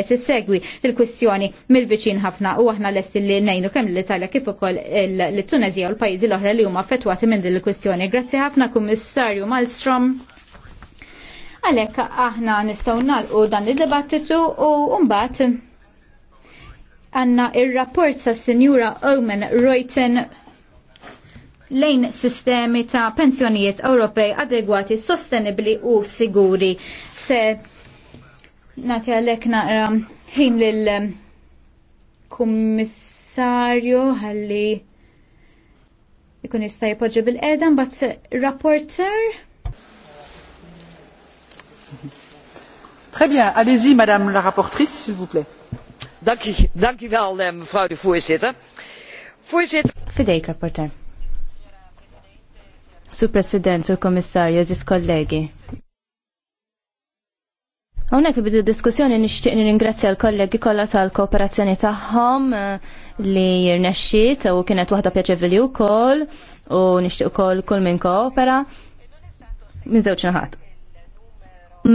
segwi il-kwistjoni mill-viċin ħafna u aħna lesti li nejnu kemm l-Italja kif ukoll l-Tunezija u l-pajjiżi l-oħra li huma affettwati minn din il-kwistjoni. Grazzi ħafna Kummissarju Malmstrom. Għalhekk aħna nistgħu nagħlqu dan id-dibattitu u mbagħad għandna ir-rapport sa' Sinjura Omen Reuten lejn sistemi ta' pensjonijiet Ewropej adegwati, sostenibli u siguri. Se Nati għalek naqra ħin lill-kummissarju um, ħalli ikun jistaj jpoġġi bil-qeda bat rapporter. Très bien, allez-y madame la rapportrice s'il vous plaît. Dank u, dank u wel eh, mevrouw de voorzitter. Voorzitter. Fidejk rapporteur. sous President, sous Commissario, Aziz kollegi. Hawnhekk bidu diskussjoni nixtieq nirringrazzja l-kollegi kollha tal-kooperazzjoni tagħhom eh, li jirnexxiet u kienet waħda pjaċevili wkoll u nixtieq ukoll kull minn koopera minn żewġ naħat.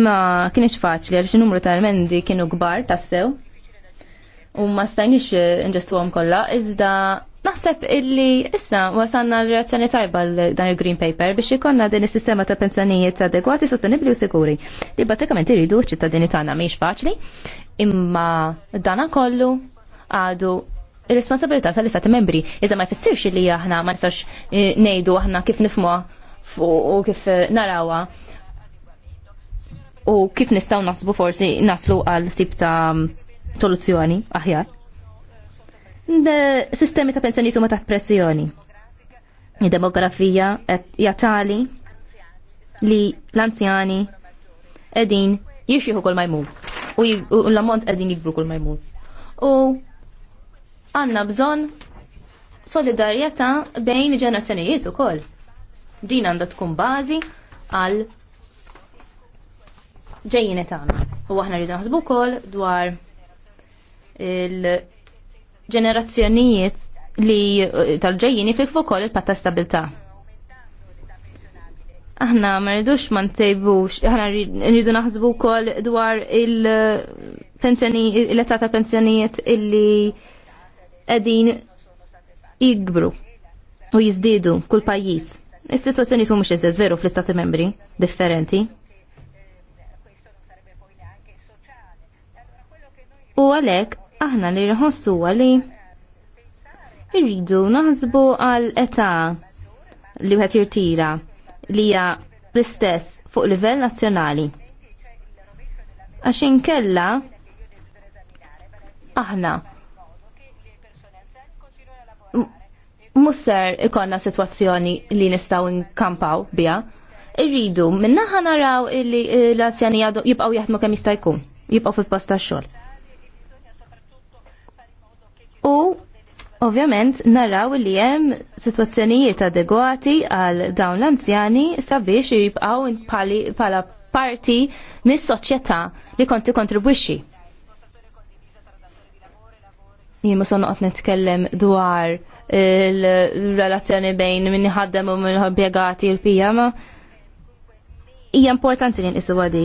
Ma kienx faċli għaliex in-numru tal-mendi kienu kbar tassew u ma stajniex eh, nġestuhom kollha iżda Naħseb illi issa wasanna l-reazzjoni tajba dan il-Green Paper biex ikonna din is-sistema ta' pensjonijiet adegwati, sostenibbli u sikuri. Li bażikament iridu ċittadini tagħna mhix faċli, imma dan kollu għadu ir-responsabilità tal-istati membri. Iżda ma jfissirx li aħna ma nistax eh, ngħidu aħna kif nifmuha u kif eh, narawha u kif nistgħu naħsbu forsi naslu għal tip ta' soluzzjoni aħjar sistemi ta' pensjoni huma taħt pressjoni. Id-demografija jatali li l-anzjani edin jiexieħu kol majmu u l-ammont edin jikbru kol majmu. U għanna bżon solidarjeta bejn ġenerazzjonijiet u kol. Din għanda tkun bazi għal ġejjini tagħna. U aħna rridu naħsbu wkoll dwar il- ġenerazzjonijiet li eh, tal-ġejjini fil ukoll il-patta stabilità. Aħna ma rridux ma ntejbux, aħna rridu naħsbu wkoll dwar il-pensjoni, l-età ta' pensjonijiet illi qegħdin jikbru u jizdidu kull pajjiż. Is-sitwazzjoni tu mhux iżdez veru fl-istati membri differenti. U għalek, aħna li rħossu li irridu naħsbu għal età li wieħed jirtira li hija l-istess fuq livell nazzjonali. Għax inkella aħna musser ikonna situazzjoni li nistaw nkampaw bija. Irridu, minna ħanaraw li l-azzjani jibqaw jaħdmu kemm jista' jkun, jibqaw fil-posta xogħol u ovvjament naraw li hemm sitwazzjonijiet adegwati għal dawn l-anzjani sabiex jibqaw bħala parti mis-soċjetà li konti kontribwixxi. Jimmu ma għat netkellem dwar il-relazzjoni bejn min ħaddem u minn ħobbjegati l pijama Hija importanti li nisu għadi.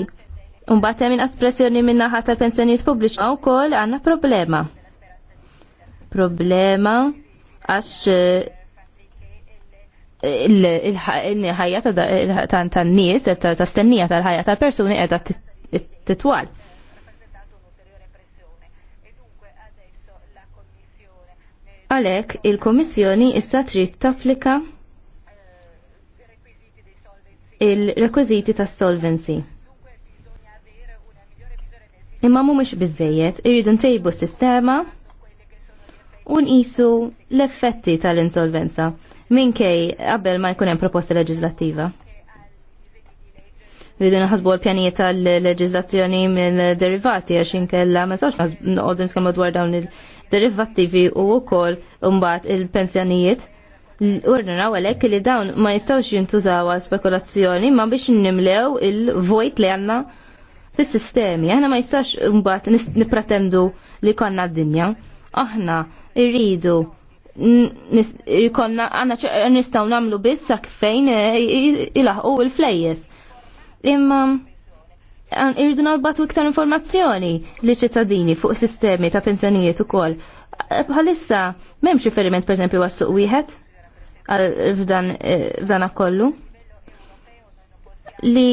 Imbagħad hemm aspressjoni minn naħa tal-pensjonijiet pubbliċi wkoll għandna problema problema għax eh, il-ħajja ta' n-nies, ta' stennija tal-ħajja tal-persuni edha titwal. Għalek, il-Komissjoni issa trid tapplika il-rekwiziti ta' solvency. Imma mhumiex bizzejiet, irridu ntejbu s-sistema u nqisu l-effetti tal-insolvenza minkej qabel ma jkun hemm proposta leġislattiva. Vidu naħasbu l-pjanijiet tal leġislazzjoni mill-derivati għax inkella ma sawx noqogħdu nitkellmu dwar dawn il-derivattivi u wkoll mbagħad il-pensjonijiet Urnaraw għalek li dawn ma jistawx jintużaw għal spekulazzjoni ma biex nimlew il-vojt li għanna fis-sistemi. Aħna ma jistax mbagħad nipretendu li konna d-dinja. Aħna irridu konna għanna nistaw namlu bissa kfejn e, ilaħqu il-flejjes. Imma irridu nalbatu iktar informazzjoni li ċittadini fuq sistemi ta' pensjonijiet u kol. E, bħalissa, memx riferiment per esempio għas-suq wieħed f'dan e, kollu li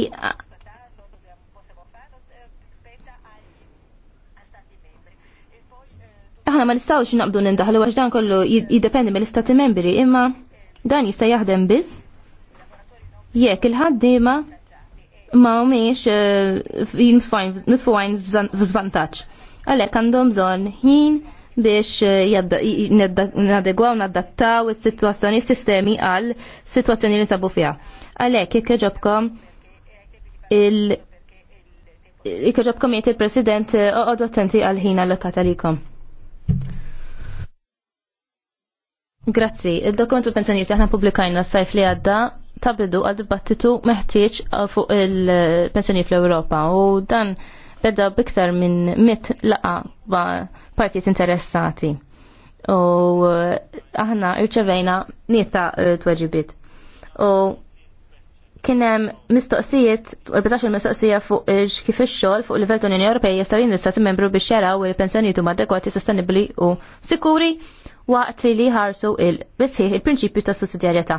aħna ma nistawx naqbdu nindaħlu għax dan kollu jiddependi mill-istati membri, imma dan jista' jaħdem biss jekk il-ħaddiema ma mhumiex eh, nitfu għajn f'żvantaġġ. Għalhekk għandhom bżonn ħin biex eh, nadegwaw nadattaw is-sitwazzjoni sistemi għal sitwazzjoni li sabu fiha. Għalhekk jekk ġobkom il Ikkaġabkom jiet il-President, eh, oqod attenti għal-ħin allokat għalikom. Grazzi, il-dokumentu pensjoniet aħna publikajna s-sajf li għadda tabidu għal dibattitu meħtieġ uh, fuq il pensjoni fl-Ewropa u dan beda biktar minn mit laqa ba partijiet interessati. U uh, aħna irċevejna nieta tweġibit. U kienem mistoqsijiet, 14 mistoqsija fuq kif ix-xogħol fuq livell tal-Unjoni Ewropej jistaw jindistaw membru biex jaraw il-pensjonijiet huma adekwati sostenibbli u sikuri waqt li ħarsu il-bisħiħ il-prinċipju ta' sussidjarjetà.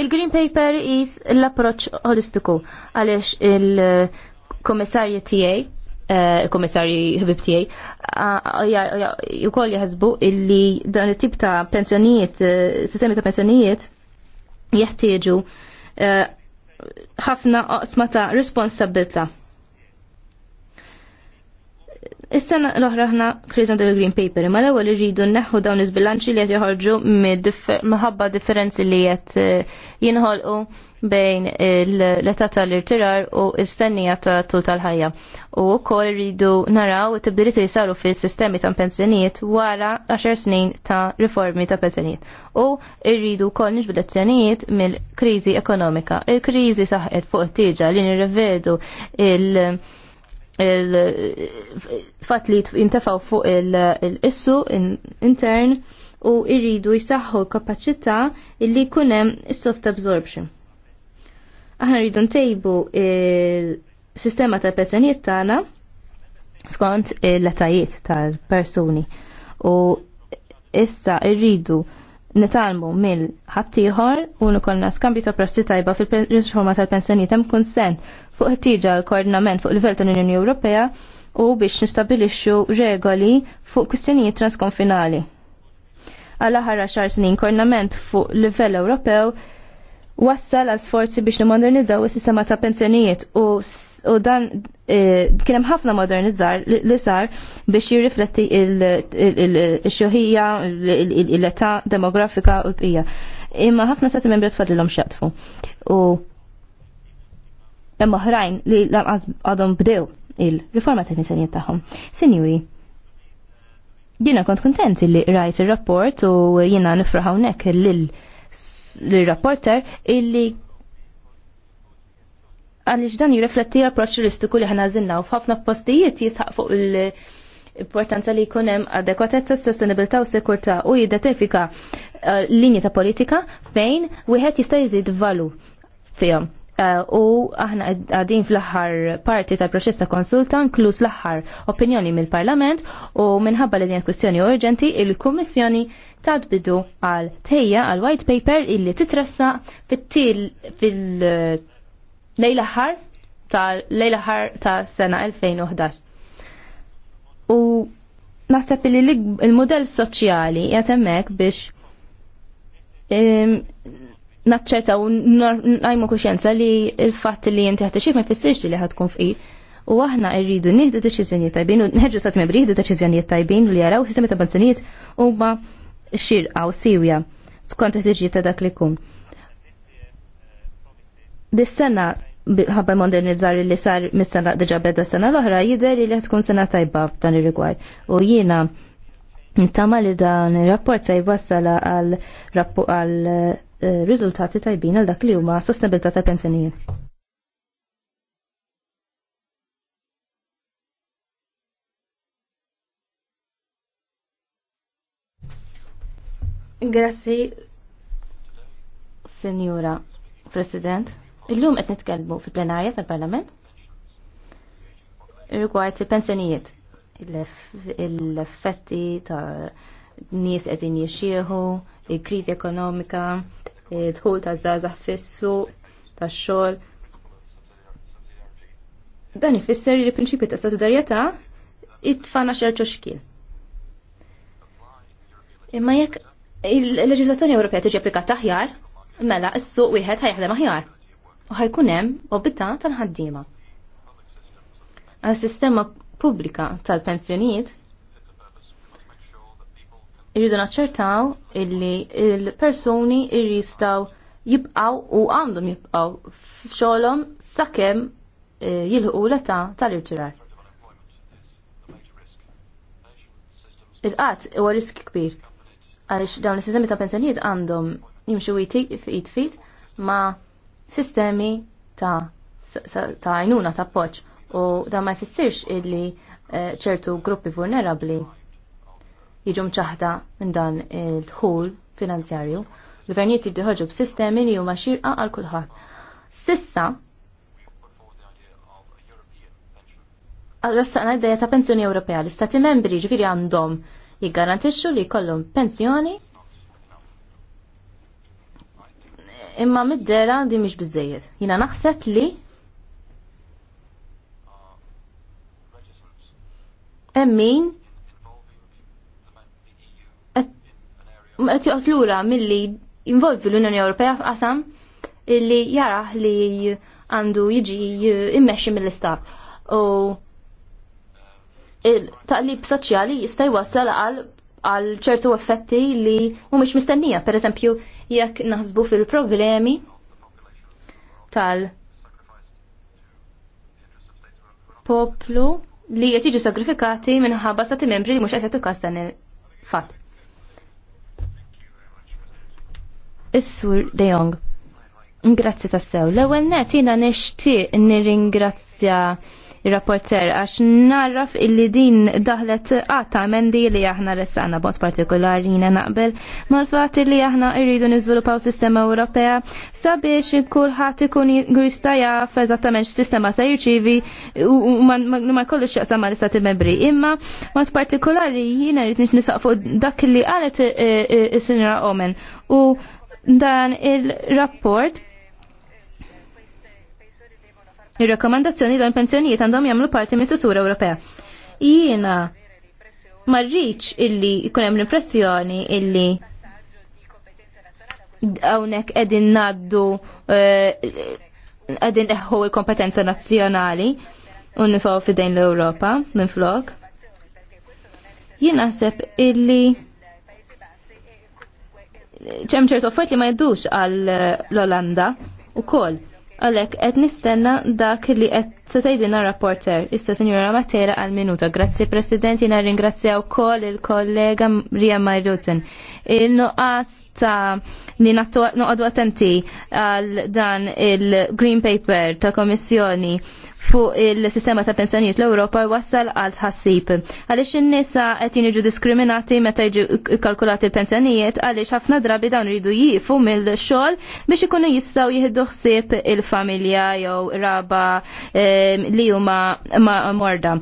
Il-Green Paper is l-approċ holistiku għaliex il-komissarji tiegħi eh, il-komissarji ħbib tiegħi ukoll jaħsbu illi dan it-tip ta' pensjonijiet, eh, sistemi ta' pensjonijiet jeħtieġu eh, ħafna qosma ta' responsabilta' Is-sena l-oħra ħna kriżna dal Green Paper, ma l-ewwel irridu neħħu dawn iż-bilanċi li qed joħorġu minħabba differenzi li qed eh, jinħolqu bejn eh, l-età tal-irtirar u s istennija ta' tul tal-ħajja. U wkoll irridu naraw it-tibdiliet li saru fis-sistemi ta' pensjonijiet wara 10 snin ta' riformi ta' pensjonijiet. U rridu wkoll niġbu lezzjonijiet mill-kriżi ekonomika. Il-kriżi saħqet fuq it-tieġa li nirrevedu il- il-fat li jintefaw fuq il-issu intern u irridu jisaxħu kapacità illi kunem is-soft absorption. Aħna rridu ntejbu il-sistema tal-personijiet tagħna skont l-etajiet tal-persuni u issa irridu nitalmu mill ħattijħor u nkollna skambju ta' prassi tajba fil-riforma tal-pensjonijiet hemm konsent fuq ħtiġa l-koordinament fuq livell tal-Unjoni Ewropea u biex nistabilixxu regoli fuq kwistjonijiet transkonfinali. Għal aħħar xar snin koordinament fuq livell Ewropew wassal għal sforzi biex nimodernizzaw is-sistema ta' pensjonijiet u u dan e, kien hemm ħafna modernizzar li sar biex jirrifletti il-xoħija, l-età demografika u l-bqija. Imma ħafna sa' membri tfadlilhom xatfu. U hemm oħrajn li lanqas għadhom bdew il-riforma ta' pensjonijiet tagħhom. Sinjuri, jiena kont kontent li rajt ir-rapport u jiena nifraħ hawnhekk lill-rapporter illi għaliex dan jirrifletti l-approċċ turistiku li ħana żinna u f'ħafna postijiet jisħaq fuq il- importanza li jkun hemm adekwatezza, sostenibilità u sekurtà u jidentifika eh, linji ta' politika fejn wieħed jista' jżid valu fihom. Eh, u aħna għadin fl-aħħar parti tal-proċess ta' konsulta nkluż l-aħħar opinjoni mill-Parlament u minħabba li din kwistjoni urġenti il-Kummissjoni tadbidu għal tejja għal white paper illi titressa fit-til fil-lejl ta' tal-lejl ta' sena 2011. U naħseb li il-modell soċjali jatemmek hemmhekk biex naċċerta u najmu kuxjenza li il-fatt li jinti ħaxtixif ma jfissirx li ħatkun fqir. U aħna rridu nieħdu deċiżjonijiet tajbin u nħeġġu stati membri jieħdu deċiżjonijiet tajbin li jaraw sistemi ta' bansunijiet huma xirqa u siwja skont it-tiġi ta' dak li kum. Dis-sena ħabba modernizzar li sar mis-sena diġà beda sena l-oħra jidher li tkun sena tajba f'dan ir-rigward. U jiena Nittama li dan il-rapport se jwassala għal riżultati tajbin għal dak li huma sostenibilità tal-pensjonijiet. Grazzi, Senjura President. Illum qed nitkellmu fil-plenarja tal-Parlament rigward il-pensjonijiet, il effetti ta' nies qegħdin jixxieħu, il-kriżi ekonomika, dħul ta' żgħażagħ fissu, tax-xogħol. Dan ifisser li l-prinċipju ta' solidarjetà jitfana xerċo xkil. Imma jekk il-leġiżlazzjoni Ewropea tiġi applikata aħjar, mela s-suq wieħed ħajħdem aħjar u ħajkun hemm obita tal-ħaddiema. Għal-sistema pubblika tal-pensjonijiet irridu naċċertaw illi il-persuni irristaw jibqaw u għandhom jibqaw f'xolom sakemm eh, jilħu l-età tal irġirar Il-qatt huwa risk kbir għaliex dawn is-sistemi ta' pensjonijiet għandhom jimxu fit fit ma' sistemi ta' ta' għajnuna ta' poċ u da' ma' jfissirx illi eh, ċertu gruppi vulnerabli jiġu mċaħda minn dan il-dħul finanzjarju. Gvernijiet jiddiħoġu b'sistemi li huma xirqa għal kulħadd. Sissa, għana id-dajja ta' pensjoni Ewropea l-istati membri ġviri għandhom jiggarantixxu li jkollhom pensjoni imma mid-dera di mhix biżejjed. Jina naħseb li emmin l joqgħod lura milli involvi l-Unjoni Ewropea f'qasam illi jaraħ li għandu jiġi immexxi mill-istar. U il-taqlib soċjali jista' jwassal għal għal ċertu effetti li mhumiex mistennija, per eżempju, jekk naħsbu fil-problemi tal- poplu li qed sakrifikati sagrifikati minħabba stati membri li mhux qed jagħtu dan il-fatt. Is-Sur De Jong. Ingrazzi tassew. L-ewwel net jiena nixtieq nirringrazzja il-rapporter għax narraf illi din daħlet għata mendi li aħna ressaqna bot partikolari jina naqbel mal-fat li aħna irridu nizvilupaw sistema Ewropea sabiex kulħadd ikun jista' jaf eżattament x'sistema se jirċivi u ma jkollux x'jaqsam mal-istati membri. Imma mod partikolari jiena rrid nisaq nisaqfu dak li qalet is-sinra eh, eh, eh, Omen u dan il-rapport il-rekomandazzjoni dan pensjonijiet għandhom jagħmlu parti minn struttura Ewropea. Jiena marriċ illi jkun hemm l-impressjoni illi hawnhekk qegħdin ngħaddu eh, qegħdin eħħu l-kompetenza nazzjonali u nisolvu fidejn l-Ewropa minn flok. Jien naħseb illi ċem ċertu affarijiet li ma jiddux għall eh, olanda u kol. Għalek, għed nistenna dak li s-tajdina rapporter, issa Signora Matera għal minuta. Grazzi President, na ringrazzja u kol il-kollega Ria Majrutin. Il-nuqqas ta' li noqgħodu attenti għal dan il-Green Paper ta' Komissjoni fuq il-sistema ta' pensjonijiet l-Ewropa wassal għal tħassib. Għaliex in-nisa qed jiġu diskriminati meta jiġu kalkulati l-pensjonijiet għaliex ħafna drabi dawn ridu jifu mill-xogħol biex ikunu jistgħu jieħdu ħsieb il-familja jew raba ehm, li huma morda.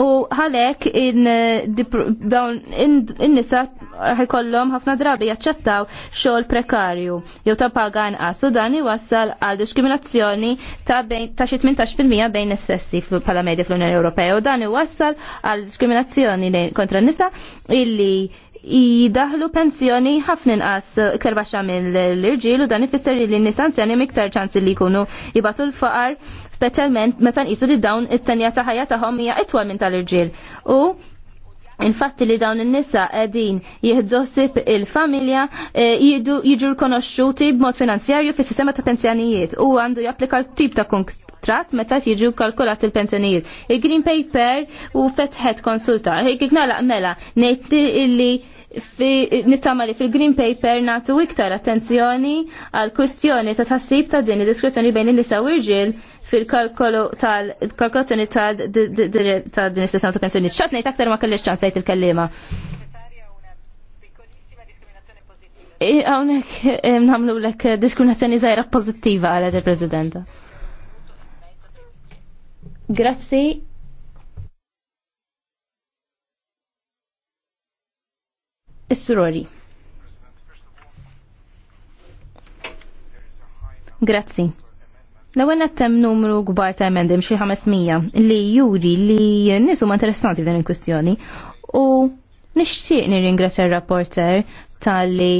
U għalhekk in-nisa ħikollhom ħafna drabi jaċċettaw xogħol prekarju jew ta' paga inqas u dan iwassal għal diskriminazzjoni ta' bejn ta' xi 18% bejn is bħala medja fl-Unjoni Ewropea u dan iwassal għal diskriminazzjoni kontra n-nisa illi jidaħlu pensjoni ħafna inqas uh, iktar baxxa minn l-irġiel u dan ifisser li n-nisa anzjani iktar ċans li jkunu jibatu l-faqar speċjalment meta nqisu li dawn it-tenja ta' ħajja tagħhom hija itwal minn tal-irġiel. U Infatti li dawn in-nisa qegħdin jieħdosib il-familja e, jiġu b b'mod finanzjarju fis-sistema ta' pensjonijiet u għandu japplika tip ta' kontratt meta jiġu kalkulat il-pensjonijiet. Il-Green Paper u fetħet konsulta. Hekk nagħlaq mela ngħid illi nittama li fil-Green Paper natu iktar attenzjoni għal kwistjoni ta' tassib ta' din id-diskrezzjoni bejn in-nisa u rġil fil-kalkolu tal-kalkolazzjoni ta' din is-sistema ta' pensjoni. ċatnej aktar ma kellix ċansajt il-kellima. Għawnek namlu l-ek diskriminazzjoni zaħira pozittiva għal il prezidenta. Grazzi, Is-surori. Grazzi. L-ewwel nettem numru kbar ta' emendim xi 500 li juri li nies interessanti dan il-kwistjoni u nixtieq nirringrazzja r-rapporter tal-li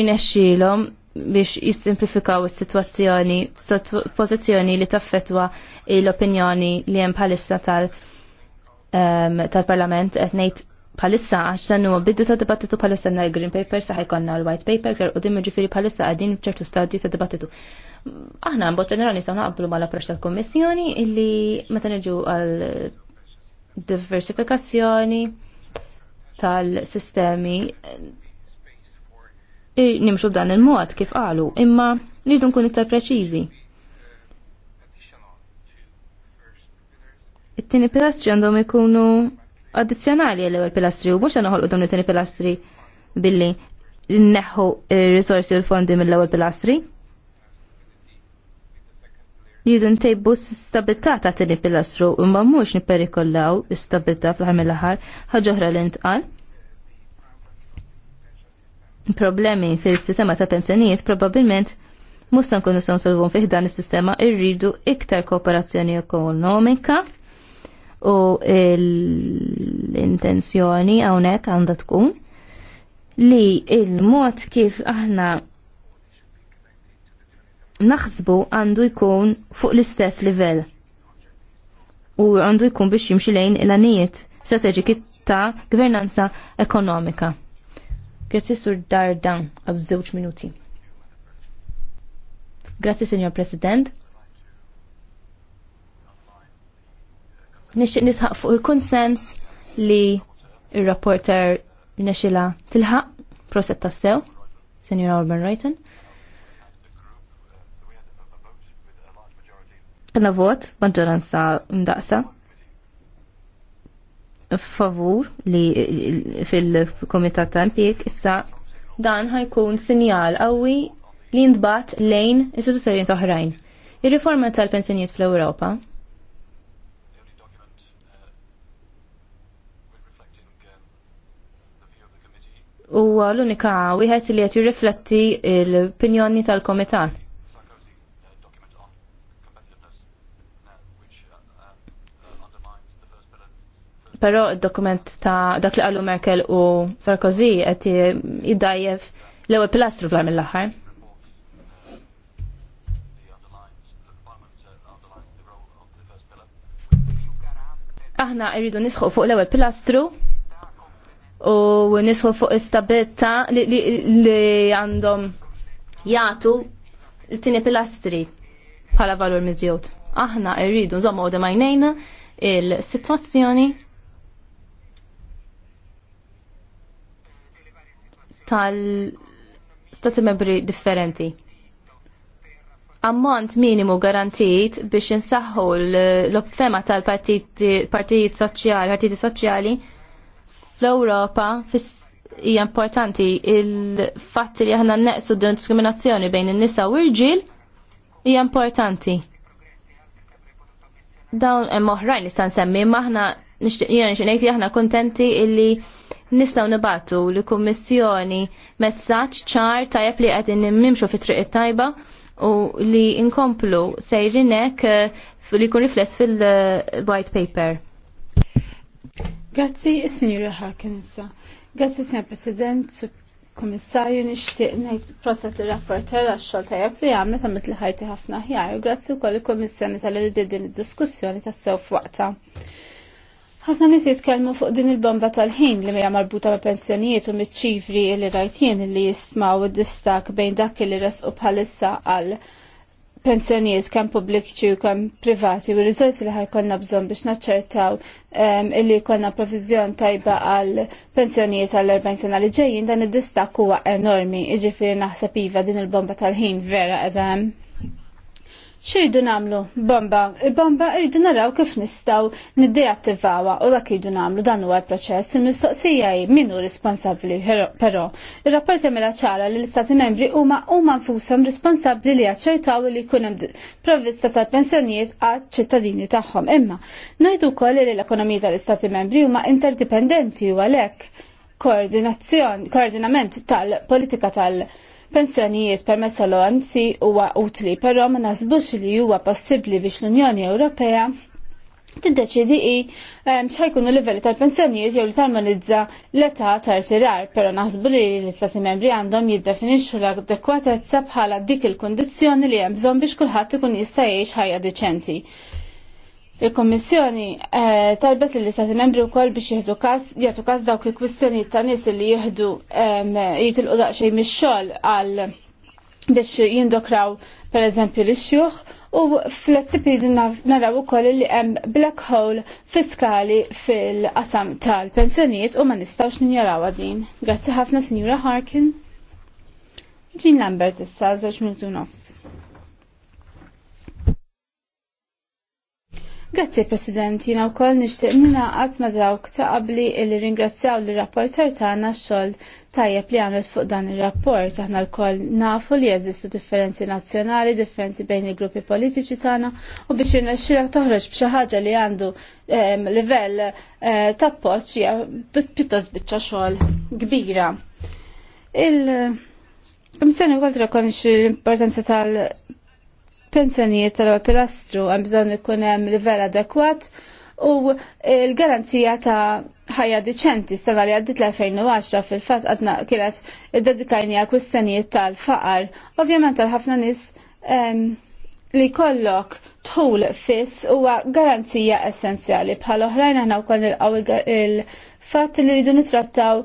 irnexxilhom biex jissimplifikaw is-sitwazzjoni pożizzjoni li taffetwa l-opinjoni li hemm bħalissa tal- Um, tal-Parlament qed ngħid palissa għax dan huwa biddu ta' dibattitu palissa na' green Paper saħ jkollna l-White Paper u qudiem ġifiri palissa għadin f'ċertu stadju ta' dibattitu. Aħna mbagħad ġenerali nistgħu naqblu mal-approċċ tal kommissjoni illi meta niġu għal diversifikazzjoni tal-sistemi eh, nimxu dan il-mod kif qalu, imma nridu nkun iktar preċiżi. it-tieni pilastri għandhom ikunu addizzjonali l ewwel pilastri u mhux għandna u dawn it-tieni pilastri billi nneħħu il risorsi u l-fondi mill-ewwel pilastri. Jidun ntejbu s-stabilità ta' tini pilastru imma mhux nipperikollaw is-stabilità fl-aħħar mill-aħħar ħaġa oħra li problemi fil-sistema ta' pensjonijiet probabilment mustan kunu s solvun fiħdan is-sistema irridu iktar kooperazzjoni ekonomika u l-intenzjoni hawnhekk għandha tkun li il-mod kif aħna naħsbu għandu jkun fuq l-istess livell u għandu jkun biex jimxi lejn l-anijiet strateġiki ta' gvernanza ekonomika. Grazzi sur dar dan għaz minuti. Grazzi, Signor President. Nixtieq nisħaq fuq il-konsens li ir-rapporter il nexila tilħaq proset tassew, Senjora Orban Reuten. Għanna vot, maġġoranza mdaqsa, favur li fil-komitat ta' impjek, issa dan ħajkun sinjal qawwi li ndbat lejn istituzzjonijiet oħrajn. Ir-riforma tal-pensjonijiet fl-Ewropa huwa l-unika wieħed li qed jirrifletti l-opinjoni tal-Komitat. Però id-dokument ta' dak li qalu Merkel u Sarkozy qed jiddajjef l-ewwel pilastru fl l aħħar Aħna rridu nisħu fuq l-ewwel pilastru nisħu fuq istabetta li għandhom jagħtu l-tini pilastri bħala valur mizjot. Aħna rridu nżommu għodem għajnejna il-situazzjoni tal-stati membri differenti. Ammont minimu garantit biex insaħħu l-opfema tal-partijiet soċjali, partiti soċjali, fl-Ewropa hija importanti il-fatt li aħna neqsu diskriminazzjoni bejn in-nisa u r-ġil hija importanti. Dawn hemm oħrajn nista' nsemmi aħna jiena nixtieq li aħna kuntenti illi nistgħu nibatu li kummissjoni messaġġ ċar tajjeb li qegħdin nimxu fi triq it-tajba u li inkomplu sejrinek eh, li kun rifless fil-white eh, paper. Grazzi, signor Hakenza. Grazzi, signor President, Kommissarju, nixtieq ngħid proset li rapporter għax-xogħol tajjeb li għamlet għamlet li ħajti ħafna ħjar. Grazzi wkoll il-Kummissjoni tal-li din id-diskussjoni tas-sew f'waqta. Ħafna nies jitkellmu fuq din il-bomba tal-ħin li mija marbuta ma' pensjonijiet u miċ il li rajtjien li jistmaw id-distak bejn dak li u bħalissa għal pensjonijiet kemm pubbliċi u kemm privati u r-risorsi li ħajkonna bżonn biex naċċertaw ehm, illi jkollna provizjon tajba għal pensjonijiet għall 40 sena li ġejjin dan id-distak huwa enormi, jiġifieri naħseb iva din il-bomba tal-ħin vera qed xiridu namlu bomba. bomba irridu naraw kif nistaw niddeattivawa u dak irridu namlu dan huwa l-proċess. Il-mistoqsija hi min hu responsabbli però. Ir-rapport jagħmilha ċara li l-Istati membri huma huma nfushom responsabbli li għacċertaw li jkun hemm provvista tal-pensjonijiet għaċ-ċittadini tagħhom. Imma ngħidu wkoll li l-ekonomija tal-Istati membri huma interdipendenti u għalhekk koordinazzjon, koordinament tal-politika tal-, -politika tal pensjonijiet permezz tal-OMC huwa utli, però ma naħsbux li huwa possibbli biex l-Unjoni Ewropea tiddeċidi i xajkunu livelli tal-pensjonijiet jew li tarmonizza l-età tal-sirar, però naħsbu li l-Istati membri għandhom jiddefinixxu l-adekwatezza bħala dik il kondizjoni li hemm bżonn biex kulħadd ikun jista' jgħix ħajja deċenti. Il-Kommissjoni eh, talbet li l-Istati membri u koll biex jihdu kas, jihdu kas dawk il-kwistjoni ta' nis li jihdu jitilqu daqxej mis-xol għal biex jindokraw per eżempju l-xjuħ u fl-esti periodu naraw ukoll li hemm black hole fiskali fil-qasam tal-pensjonijiet u ma nistgħux ninjaraw din. Grazzi ħafna Signora Harkin. Jean Lambert issa żewġ minutu nofs. Grazzi President, jina u koll nishtiq nina għatma dawk ta' qabli illi ringrazzjaw li rapporter tagħna xogħol tajjeb li għamlet fuq dan ir-rapport. Aħna l-koll nafu li jeżistu differenzi nazzjonali, differenzi bejn il-gruppi politiċi tagħna u biex irnexxilek toħroġ b'xi ħaġa li għandu livell eh, ta' poċ hija pjuttost biċċa xogħol kbira. Il-Komissjoni wkoll trakkonix l-importanza tal- pensjonijiet tal pilastru hemm bżonn ikun hemm livell adekwat u l-garanzija ta' ħajja diċenti s-sena li għaddit l-2010 fil-fat għadna kienet id-dedikajni għal kustenijiet tal-faqar. Ovvjament tal-ħafna nis li kollok tħul fiss huwa garanzija essenzjali bħal oħrajn aħna wkoll nilqgħu il-fatt li jridu nitrattaw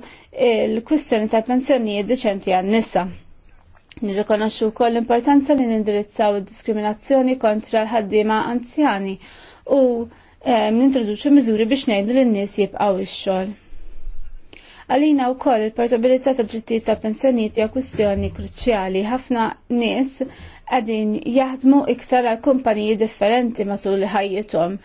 il-kwistjoni tal pensjonijiet diċenti għan-nisa. Nirrikonoxxu wkoll l-importanza li nindirizzaw id-diskriminazzjoni kontra l-ħaddiema anzjani u nintroduċu miżuri biex ngħidu lin-nies jibqgħu ix-xogħol. Għalina u koll il-portabilità ta' drittijiet ta' pensjoniet hija kwistjoni kruċjali. Ħafna nies qegħdin jaħdmu iktar għal kumpaniji differenti matul ħajjithom.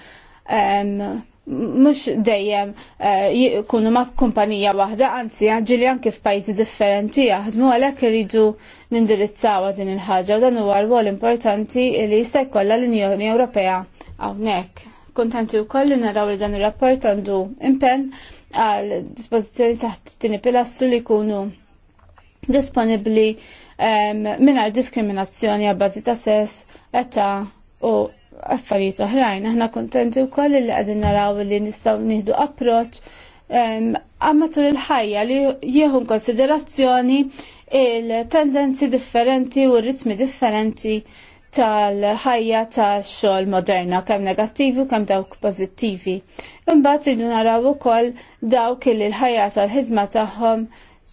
Mhux dejjem eh, jkunu ma' kumpanija waħda, anzi ġili anke f'pajjiżi differenti jaħdmu għalhekk iridu nindirizzawa din il-ħaġa u dan huwa rwol importanti li jista' jkollha l-Unjoni Ewropea hawnhekk. Kuntenti wkoll li naraw li dan ir-rapport għandu impenn għal dispożizzjoni taħt tieni pilastru li jkunu disponibbli ehm, mingħajr diskriminazzjoni għabbażi ta' sess, età u affarijiet oħrajn. Aħna kuntenti wkoll li qegħdin naraw li nistgħu nieħdu approċċ ehm, għamma tul il-ħajja li jieħu konsiderazzjoni il-tendenzi differenti u r-ritmi differenti tal-ħajja tax-xogħol moderna kemm negattivi u kemm dawk pożittivi. Imbagħad irdu naraw ukoll dawk il ħajja tal-ħidma tagħhom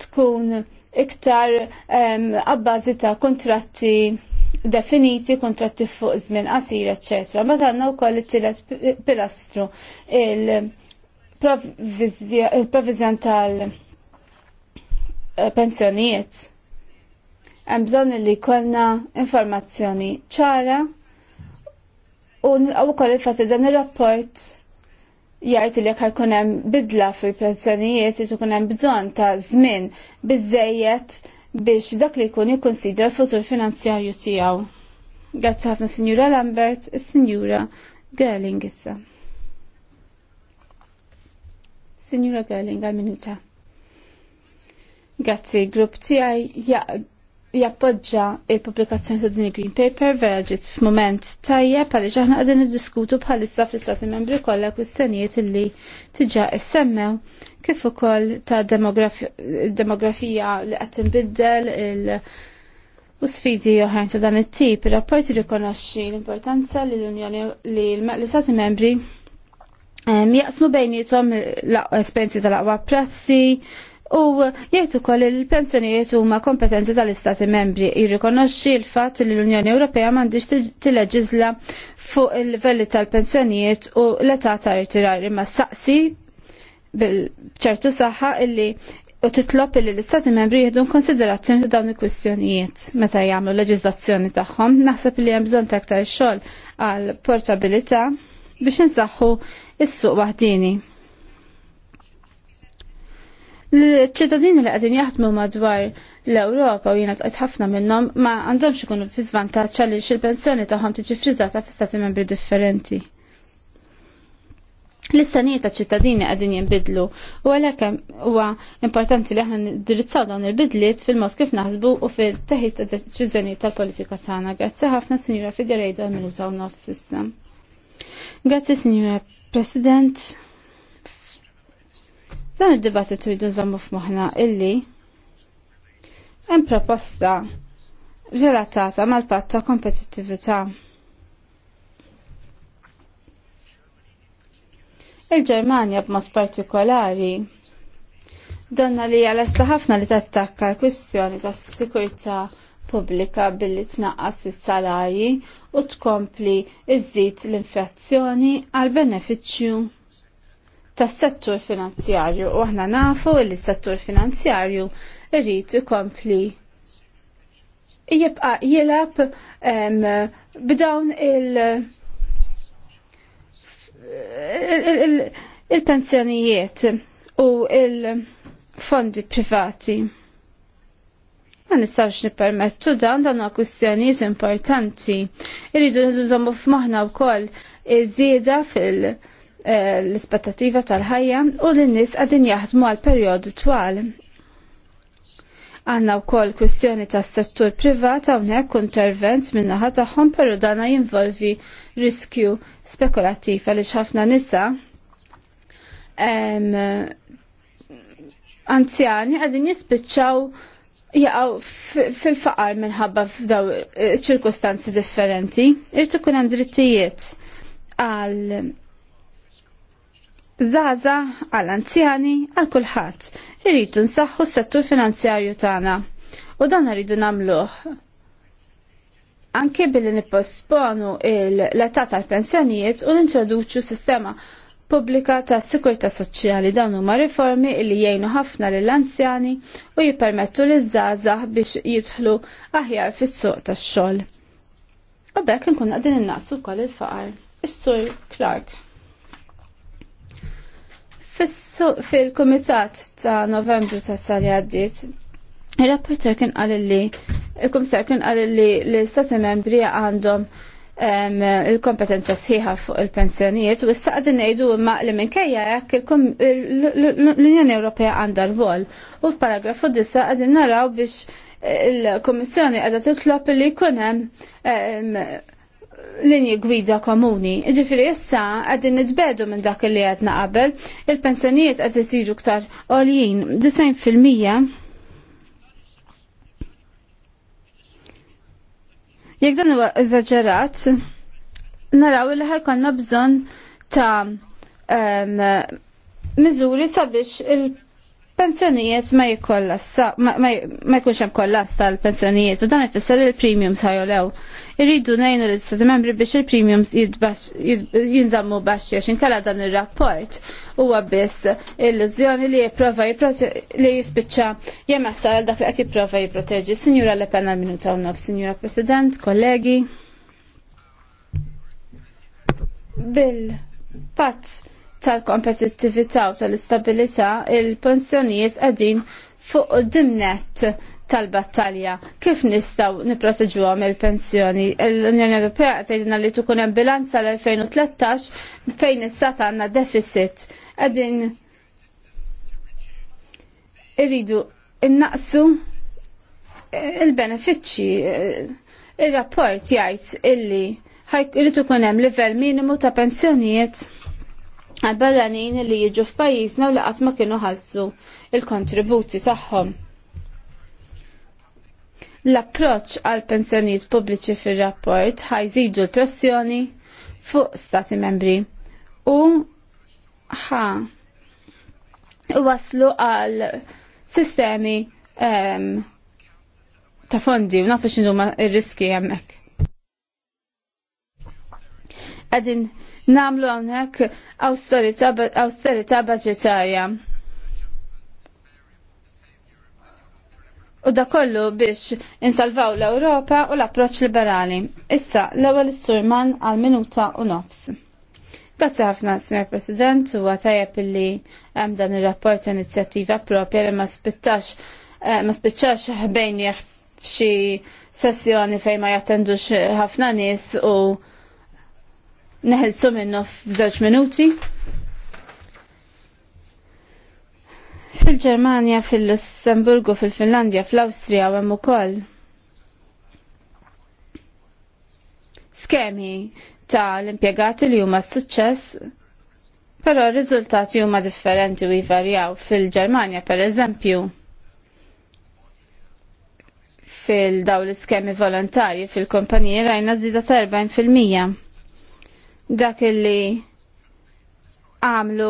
tkun iktar abbażi ta' kontratti definiti kontratti fuq żmien qasir, eċetera. Ma għandna wkoll it-tielet pilastru il-provizjon tal- Eh, pensjonijiet. Hemm bżonn li jkollna informazzjoni ċara u nilqgħu kol il-fatt dan ir-rapport jgħid li jekk ħajkun hemm bidla il pensjonijiet li kunem bżon bżonn ta' żmien bizzejiet biex dak li kun jikkonsidra l-futur finanzjarju tiegħu. Grazzi ħafna Sinjura Lambert, is-Sinjura Gerling issa. Signora Gerling għal-minuta. Grazzi, grupp tiegħi jappoġġa il-pubblikazzjoni ta' din il-Green Paper vera ġiet f'mument tajjeb għaliex aħna qegħdin niddiskutu bħalissa fl-Istati Membri kollha kwistjonijiet illi tiġa issemmew kif ukoll ta' demografija li qed tinbiddel il- u sfidi oħrajn ta' dan it-tip. Ir-rapport jirrikonoxxi l-importanza li l-Unjoni li l-Istati Membri ehm, jaqsmu bejnietom l-esperienzi tal-aqwa prassi, u jgħid ukoll il-pensjonijiet huma kompetenzi tal-Istati membri jirrikonoxxi l-fatt li l-Unjoni Ewropea m'għandix tilleġiżla fuq il-livelli tal-pensjonijiet u l-età ta' ritirar imma saqsi bil-ċertu saħħa illi u titlob li l-Istati membri jieħdu konsiderazzjoni ta' dawn il-kwistjonijiet meta jagħmlu leġiżlazzjoni tagħhom. Naħseb li hemm bżonn ta'ktar aktar xogħol għal portabilità biex insaħħu is-suq waħdini l-ċittadini li għadin jaħdmu madwar l-Ewropa u jiena tqajt ħafna minnhom ma għandhomx ikunu fi żvantaġġ għaliex il-pensjoni tagħhom tiġi friżata fi stati membri differenti. L-istanijiet ta' ċittadini għadin jinbidlu u għalhekk huwa importanti li aħna nindirizzaw dawn il-bidliet fil-mod kif naħsbu u fil-teħid ta' deċiżjonijiet tal-politika tagħna. Grazzi ħafna Sinjura Figueiredo għal minuta u nofs sistem Grazzi Sinjura President. Dan id-dibattitu jridu nżommu f'moħħna illi hemm proposta relatata mal-patt ta' kompetittività. Il-Ġermanja b'mod partikolari donna li għalesta ħafna li tattakka l-kwistjoni ta' sikurtà pubblika billi tnaqqas is-salarji u tkompli iż-żid l-inflazzjoni għal benefiċċju tas-settur finanzjarju u aħna nafu li s-settur finanzjarju irrid ikompli jibqa' jilab b'dawn il- il-pensjonijiet u il-fondi privati. Ma nistawx nippermettu dan dan huwa kwistjonijiet importanti. Irridu nħidu f'moħħna wkoll iż-żieda fil- Eh, l-ispettativa tal-ħajja u l-nis għadin jaħdmu għal periodu twal. Għanna u kol kwestjoni ta' settur privat għawnek intervent minnaħa taħħom peru dana jinvolvi riskju spekulativ għal ħafna nisa anzjani għadin jispiċċaw jaqaw fil-faqar minħabba f'daw eh, ċirkustanzi differenti. Irtu kun hemm drittijiet għal zaza, għall-anzjani, għal-kulħat. Irridu nsaħħu s-settur finanzjarju tagħna. U dan rridu namluħ. Anke billi nipposponu l-età tal-pensjonijiet u nintroduċu sistema pubblika ta' sikurta soċjali dawn huma riformi li jgħinu ħafna lill anzjani u jippermettu li żgħażagħ biex jidħlu aħjar fis-suq tax-xogħol. U bekk inkun qegħdin innaqsu wkoll il-faqar. Is-sur Clark. Fil-Kumitat ta' Novembru ta' sali għaddit, il-rapporter kien qal li il-Kumitat kien qal li l-Stati membri għandhom il-kompetenza sħiħa fuq il-pensjonijiet u issa qegħdin ngħidu imma li minkejja hekk l-Unjoni Ewropea għandha l-wol. u f'paragrafu disa qegħdin naraw biex il-Kummissjoni qiegħda titlob li jkun hemm linji gwida komuni. Ġifiri issa għadin nitbedu minn dak li għadna qabel, il-pensjonijiet għad isiru ktar oljien, 90% Jek dan huwa eżaġerat, naraw li ħajkonna bżonn ta' mizuri miżuri sabiex il- pensjonijiet ma jikollassa, ma jkunx hemm kollass tal-pensjonijiet u dan ifisser il-premiums ħajolew. Irridu ngħinu l istati membri biex il-premiums jinżammu baxxi għax inkella dan ir-rapport huwa biss il-lużjoni li jipprova li jispiċċa jemassa għal dak li qed jipprova jipproteġi. Sinjura Le Pen għal-minuta u nof, Sinjura President, kollegi. Bill, Pat, tal-kompetittività u tal-istabilità il-pensjonijiet qegħdin fuq dimnet tal-battalja. Kif nistgħu nipproteġu għom il-pensjoni? L-Unjoni Ewropea tgħidilna li tukun hemm bilanz tal-2013 fejn is għanna deficit. Qegħdin irridu innaqsu il-benefiċċji. Il-rapport jgħid illi ħajk irrid ikun hemm livell minimu ta' pensjonijiet għal-barranin li jiġu f'pajjiżna u li qatt ma kienu ħassu il-kontributi tagħhom. L-approċ għal pensjonijiet pubbliċi fir-rapport ħajżidu l-pressjoni fuq stati membri u ħa waslu għal sistemi um, ta' fondi u nafx xinu r riski hemmhekk għedin namlu għonek austerita budgetarja. U da kollu biex insalvaw l-Europa u l-approċ liberali. Issa, l-ewel surman għal minuta u nofs. Grazie ħafna, Sr. President, u għatajab li għem dan il-rapport inizjattiva propja li ma eh, spiċċax ħbejn f'xi sessjoni fejn ma jattendux ħafna nies u neħelsu minnu f'żewġ minuti. Fil-Ġermanja, fil-Lussemburgu, fil-Finlandja, fl-Awstrija u hemm ukoll. Skemi ta' l-impjegati li huma suċċess, però r-riżultati huma differenti u jivarjaw fil-Ġermanja, per eżempju. Fil-daw l-iskemi volontarji fil-kompaniji rajna zida ta' 40% dak illi għamlu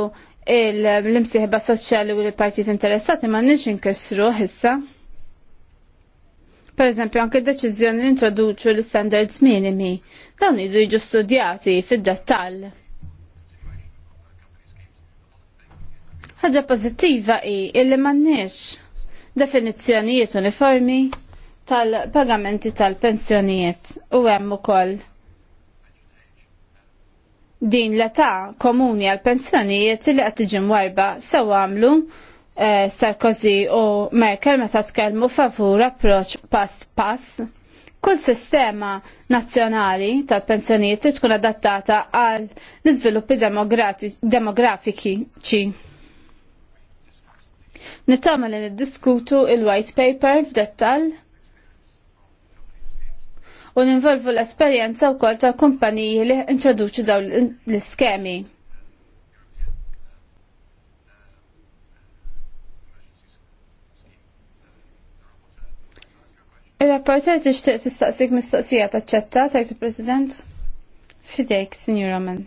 l-imsieħba soċjali u l-partijiet interessati ma nix inkessru ħissa. Per eżempju, anke deċiżjoni li introduċu l-standards minimi, dawn jidu jiġu studjati fid-dettall. Ħaġa pożittiva hi illi m'għandniex definizzjonijiet uniformi tal-pagamenti tal-pensjonijiet u hemm ukoll din l-età komuni għal pensjonijiet li qed tiġi warba sew għamlu eh, Sarkozy u Merkel meta tkellmu favur approċ pass pass. Kull sistema nazzjonali tal-pensjonijiet tkun adattata għal l demografiki demografiċi. Nittama li niddiskutu il-white paper f'dettall u ninvolvu l-esperjenza wkoll ta' kumpaniji li introduċu daw l-iskemi. Il-rapporter tixtieq tistaqsik mistaqsija taċċetta, tajt il-President? Fidejk, Signora Roman.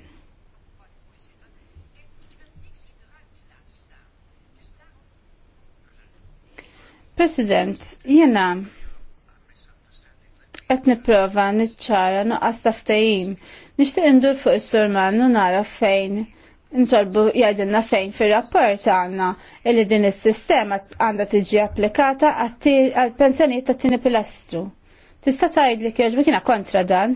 President, jena, qed nipprova niċċara nuqqas taftajim. Nixtieq indur fuq is-surman u nara fejn nsolbu jgħidilna fejn fir-rapport għandna li din is-sistema għandha tiġi applikata għall-pensjonijiet tat-tieni pilastru. Tista' tgħidli jogħġbek kienha kontra dan.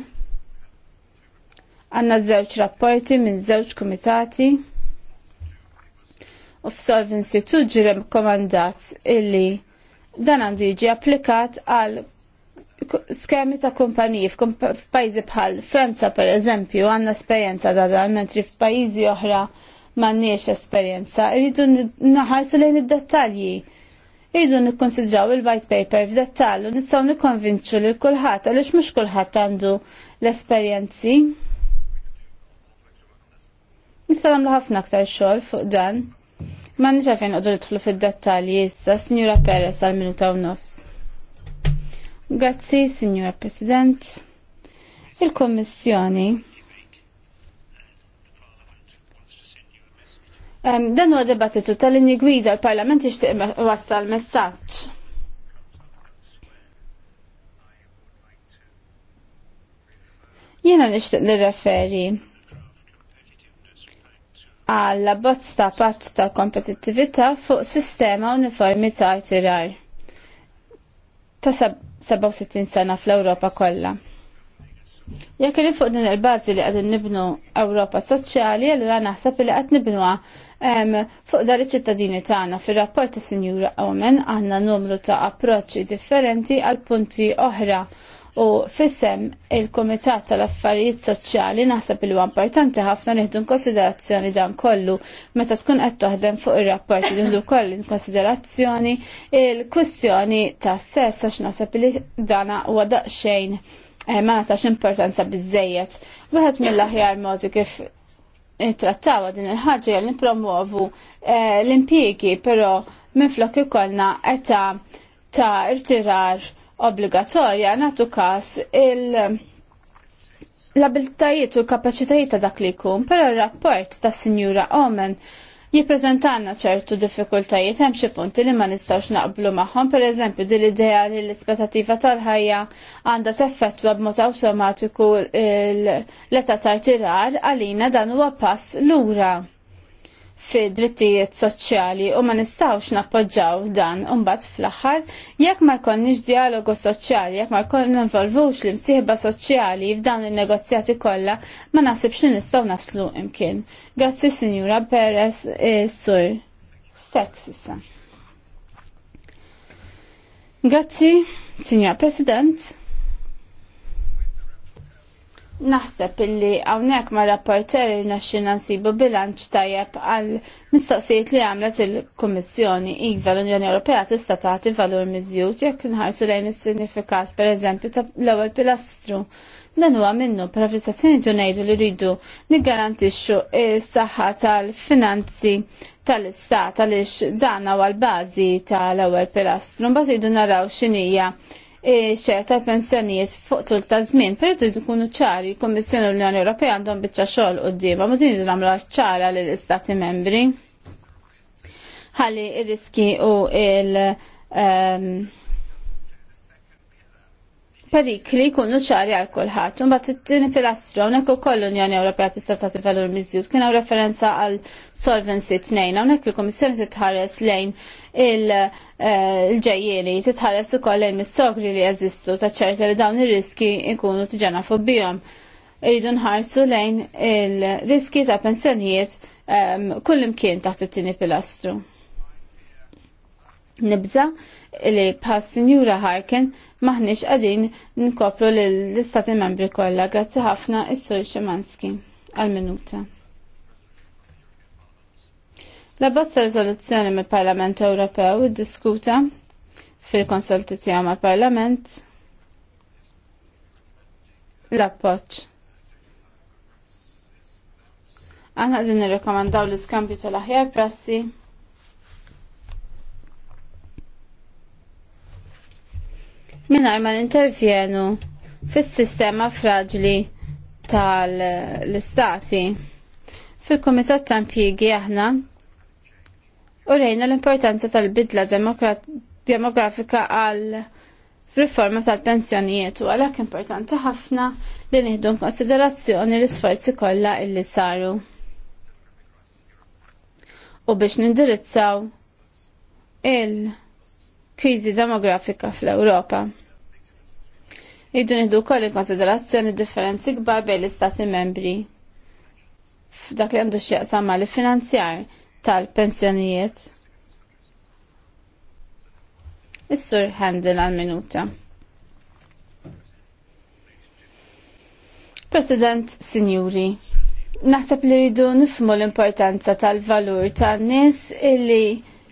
Għandna żewġ rapporti minn żewġ kumitati u f'Solvency 2 ġi rekomandat illi dan għandu jiġi applikat għal skemi ta' kumpaniji f'pajzi bħal Franza per eżempju għanna esperjenza da' dan, mentri f'pajjiżi oħra m'għandniex esperjenza. Irridu naħarsu lejn id-dettalji. Irridu nikkonsidraw il-white paper f'dettall u nistgħu nikkonvinċu lil kulħadd għaliex mhux kulħadd għandu l-esperjenzi. Nistgħu nagħmlu ħafna aktar xogħol fuq dan. Ma nixafin qogħdu nidħlu fid-dettalji issa, Sinjura Perez għal minuta u nofs. Grazzi, Signora President. Il-Kommissjoni. Um, dan huwa dibattitu tal-inni gwida l-Parlament jixtieq wassal messaġġ. Jiena nixtieq nirreferi għal bozz patt ta' kompetittività fuq sistema uniformi ta' tirar. Ta' 67 sena fl-Ewropa kollha. Jekk kien fuq din il-bażi li qegħdin nibnu Ewropa soċjali, allura naħseb li qed nibnuha fuq dar iċ-ċittadini tagħna. Fir-rapport ta' Sinjura Omen għandna numru ta' approċċi differenti għal punti oħra u fissem il-Komitat tal-Affarijiet Soċjali naħseb li huwa importanti ħafna nieħdu konsiderazzjoni dan kollu meta tkun qed toħdem fuq ir-rapport li nieħdu wkoll konsiderazzjoni il-kwistjoni tas-sess għax naħseb li dana huwa daqsxejn eh, ma nagħtax importanza biżejjed. Wieħed mill-aħjar modi kif eh, trattawa din il-ħaġa li nippromuovu eh, l-impjiegi, però minflok ikollna eta' ta' irtirar obbligatorja natu kas il l-abiltajiet u l-kapacitajiet ta' dak li jkun, però r-rapport ta' Sinjura Omen jiprezentanna ċertu diffikultajiet hemm xi punti li ma nistgħux naqblu magħhom, pereżempju din l-idea li l-ispettattiva tal-ħajja għandha teffettwa b'mod awtomatiku l-età tar tirar għalina dan huwa pass lura fi drittijiet soċjali u ma nistawx nappoġġaw dan umbat fl-aħħar jekk ma jkollniex dialogu soċjali, jekk ma jkollna l-imsieħba soċjali f'dawn il negozjati kollha, ma nasibx li nistgħu naslu imkien. Grazzi Sinjura Perez e Sur Sexisa. Grazzi, Sinjura President. Naħseb illi hawnhekk ma' rapporter irnexxina nsibu bilanċ tajjeb għal mistoqsijiet li għamlet il-Kummissjoni iva l-Unjoni Ewropea tista' tagħti valur miżjud jekk nħarsu lejn is-sinifikat pereżempju ta' l-ewwel pilastru. Dan huwa minnu però fis-sessjoni ngħidu li rridu niggarantixxu s-saħħa tal-finanzi tal-istat għaliex dan huwa l-bażi tal-ewwel pilastru. Mbagħad idu naraw x'inhija E, xer ta' pensjonijiet fuq tul ta' żmien, jittu jkunu ċari l-Kommissjoni l-Unjoni Ewropea għandhom biċċa xogħol qudiema ma din nagħmluha ċara lill istati membri. Ħalli il riski u il- ehm, perikli jkunu ċari għal kulħadd. Imbagħad it-tieni pilastru hawnhekk ukoll l-Unjoni Ewropea tista' tagħti valur miżjud. Kien hawn referenza għal Solvency tnejn hawnhekk il t titħares lejn eh, il-ġejjieni, titħares ukoll lejn il sogri li jeżistu ċerta li dawn ir-riski ikunu t fuq bihom. Iridun nħarsu lejn il-riski ta' pensjonijiet ehm, kull imkien taħt it-tieni pilastru. Nibza li pa' Sinjura Harkin maħniex għadin nkoplu l-istati membri kollha. Grazzi ħafna is-Sur ċemanski għal-minuta. La bassa riżoluzzjoni mill-Parlament Ewropew iddiskuta fil-konsolti tiegħu mal-Parlament l-appoġġ. Aħna qegħdin rekomandaw l-iskambju tal-aħjar prassi mingħajr ma intervjenu fis-sistema fragili tal-istati. Fil-Kumitat ta' impjiegi aħna u rejna l-importanza tal-bidla demografika għal riforma tal-pensjonijiet u għalhekk importanti ħafna li nieħdu konsiderazzjoni l-isforzi kollha illi saru. U biex nindirizzaw il-kriżi demografika fl-Ewropa. Jiddu nidu wkoll il konsiderazzjoni differenzi kbar bejn l-istati membri f'dak li għandu samma li finanzjar tal-pensjonijiet. Is-sur Handel għal-minuta. President, Sinjuri, naħseb li rridu nifmu l-importanza tal-valur tan-nies illi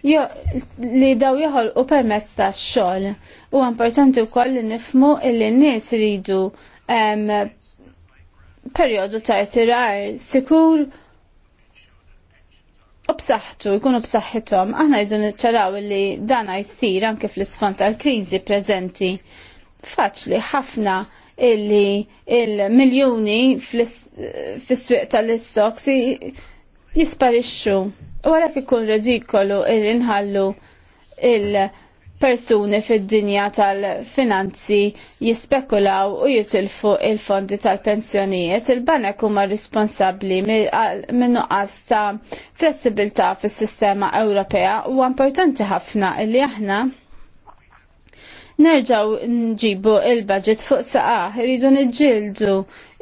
li daw joħol u permezz ta' xol. U importanti u koll li nifmu illi n-nis ridu um, periodu ta' tirar sikur u b'saħħtu, jkunu b'saħħithom. Aħna jdu niċċaraw li dana jsir anke fl-isfond tal-kriżi preżenti. Faċli ħafna illi il-miljoni fis-swieq tal istoksi jisparixxu. U għalhekk ikun redikolu il-inħallu il-persuni fid-dinja tal-finanzi jispekulaw u jitilfu il-fondi tal-pensjonijiet. Il-banek huma responsabbli minn nuqqas ta' flessibilità fis-sistema Ewropea u importanti ħafna li aħna nerġaw nġibu il-budget fuq saqa, rridu nġildu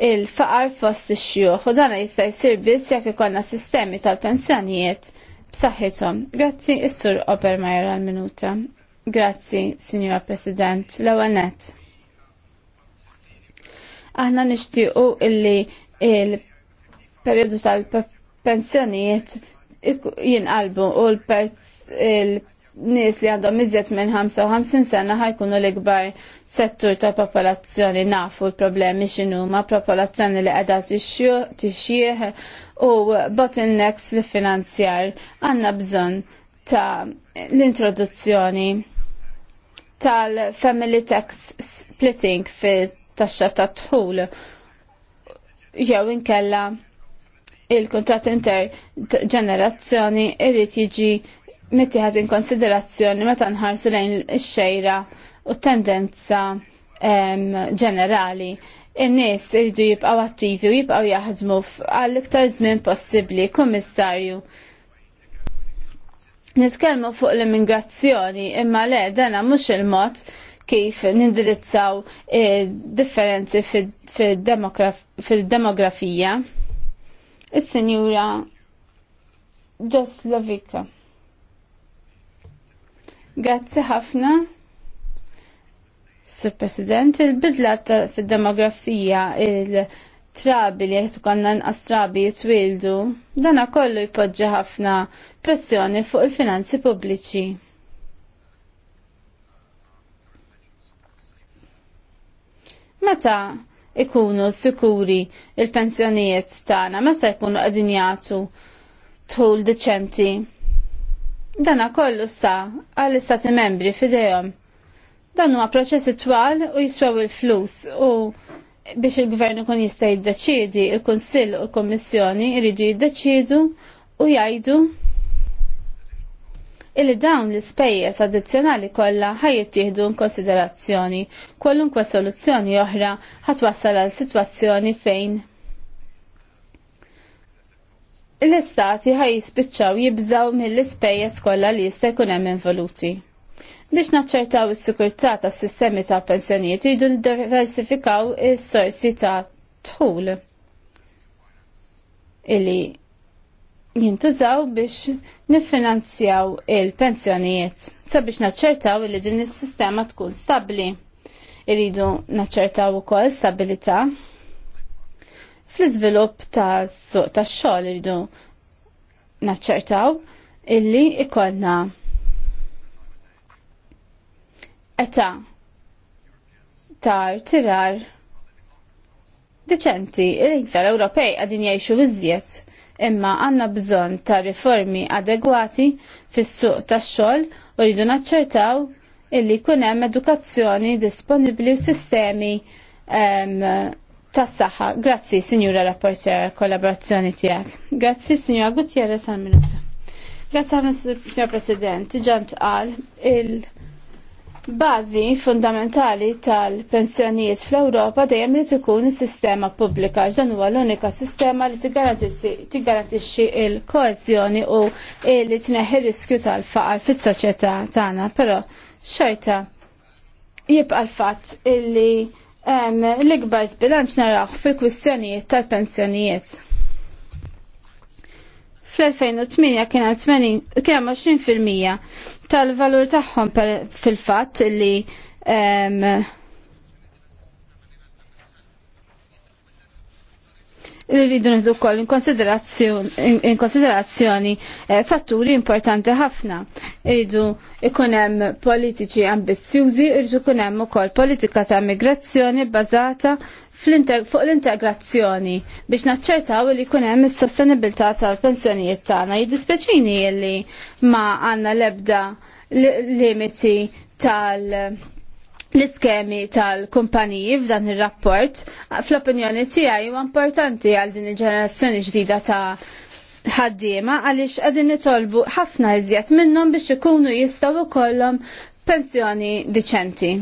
il-faqar fost ix-xjuħ u dan jista' jsir biss jekk ikollna sistemi tal-pensjonijiet b'saħħithom. Grazzi is-Sur Obermajer għal-minuta. Grazzi, Signora President, l-ewwel nett. Aħna nixtiequ illi il-perjodu tal-pensjonijiet jinqalbu u l-persjonijiet nies li għandhom iżjed minn 55 sena ħajkunu l-ikbar settur ta' popolazzjoni nafu l-problemi x'inhuma popolazzjoni li qiegħda tixjieħ u bottlenecks li finanzjar għandna bżonn ta' l-introduzzjoni tal-family tax splitting fit-taxxa ta' tħul jew inkella il kontrat inter ġenerazzjoni irrid jiġi mittiħat in konsiderazzjoni meta nħarsu lejn ix-xejra u tendenza ġenerali in-nies iridu jibqgħu attivi u jibqgħu jaħdmu għall iktar żmien possibbli, kummissarju. Niskelmu fuq l-immigrazzjoni, imma le dana mhux il-mod kif nindirizzaw e, differenzi fil-demografija. Is-Sinjura Ġoslovika. Grazzi ħafna. Sur President, il-bidla fil-demografija, il-trabi li jħetu konna nqas trabi jitwildu, dana kollu jpoġġa ħafna pressjoni fuq il-finanzi pubbliċi. Meta ikunu sikuri il-pensjonijiet tagħna, meta jkunu qegħdin jagħtu tħul deċenti. Dana kollu sta għall-istati membri fidejhom. Dan huwa proċessi twal u jiswew il-flus u biex il-gvern ikun jista' jiddeċiedi, il-Kunsill u l-Kommissjoni jridu jiddeċiedu u jgħidu illi dawn l-ispejjeż addizzjonali kollha ħajjittieħdu konsiderazzjoni kwalunkwe soluzzjoni oħra ħatwassal għal sitwazzjoni fejn l-istati ħaj jispiċċaw jibżaw mill-ispejjeż kollha li jista' jkun hemm involuti. Biex naċċertaw is-sikurtà tas-sistemi ta' pensjonijiet jridu diversifikaw is-sorsi ta' tħul illi jintużaw biex niffinanzjaw il-pensjonijiet sabiex naċċertaw li din is-sistema tkun stabbli. Iridu naċċertaw ukoll stabilità fl-iżvilupp ta' suq ta' xogħol irridu naċċertaw illi ikollna età tar tirar deċenti l infel Ewropej għadin jgħixu iżjed imma għanna bżon ta' riformi adegwati fis-suq tax-xogħol u rridu naċċertaw illi kun hemm edukazzjoni disponibbli u sistemi um, tas-saħħa. Grazzi, Sinjura Rapporter, kollaborazzjoni tiegħek. Grazzi, Sinjura Gutierrez għal minuta. Grazzi ħafna, Sinjura President, ġant qal il- Bazi fundamentali tal-pensjonijiet fl-Ewropa dejjem li tkun is-sistema pubblika dan huwa l-unika sistema li tiggarantixxi il koezjoni u li tneħħi riskju tal-faqar fis-soċjetà tagħna, però xorta jibqa' l-fatt illi l-ikbar zbilanċ naraħ fil-kwistjonijiet tal-pensjonijiet. Fl-2008 kien 20% tal-valur tagħhom fil-fatt li um, rridu nħdu koll in konsiderazzjoni eh, fatturi importanti ħafna. Rridu ikunem politiċi ambizzjużi, rridu ikunem u koll politika ta' migrazzjoni bazata fuq l-integrazzjoni biex naċċertaw li kunem il-sostenibilità tal-pensjonijiet tagħna. Jiddispjaċini li ma għandna l-ebda limiti tal- l-iskemi tal-kumpaniji f'dan ir-rapport fl-opinjoni tiegħi huwa importanti għal din il-ġenerazzjoni ġdida ta' ħaddiema għaliex qegħdin nitolbu ħafna iżjed minnhom biex ikunu jistgħu ikollhom pensjoni diċenti.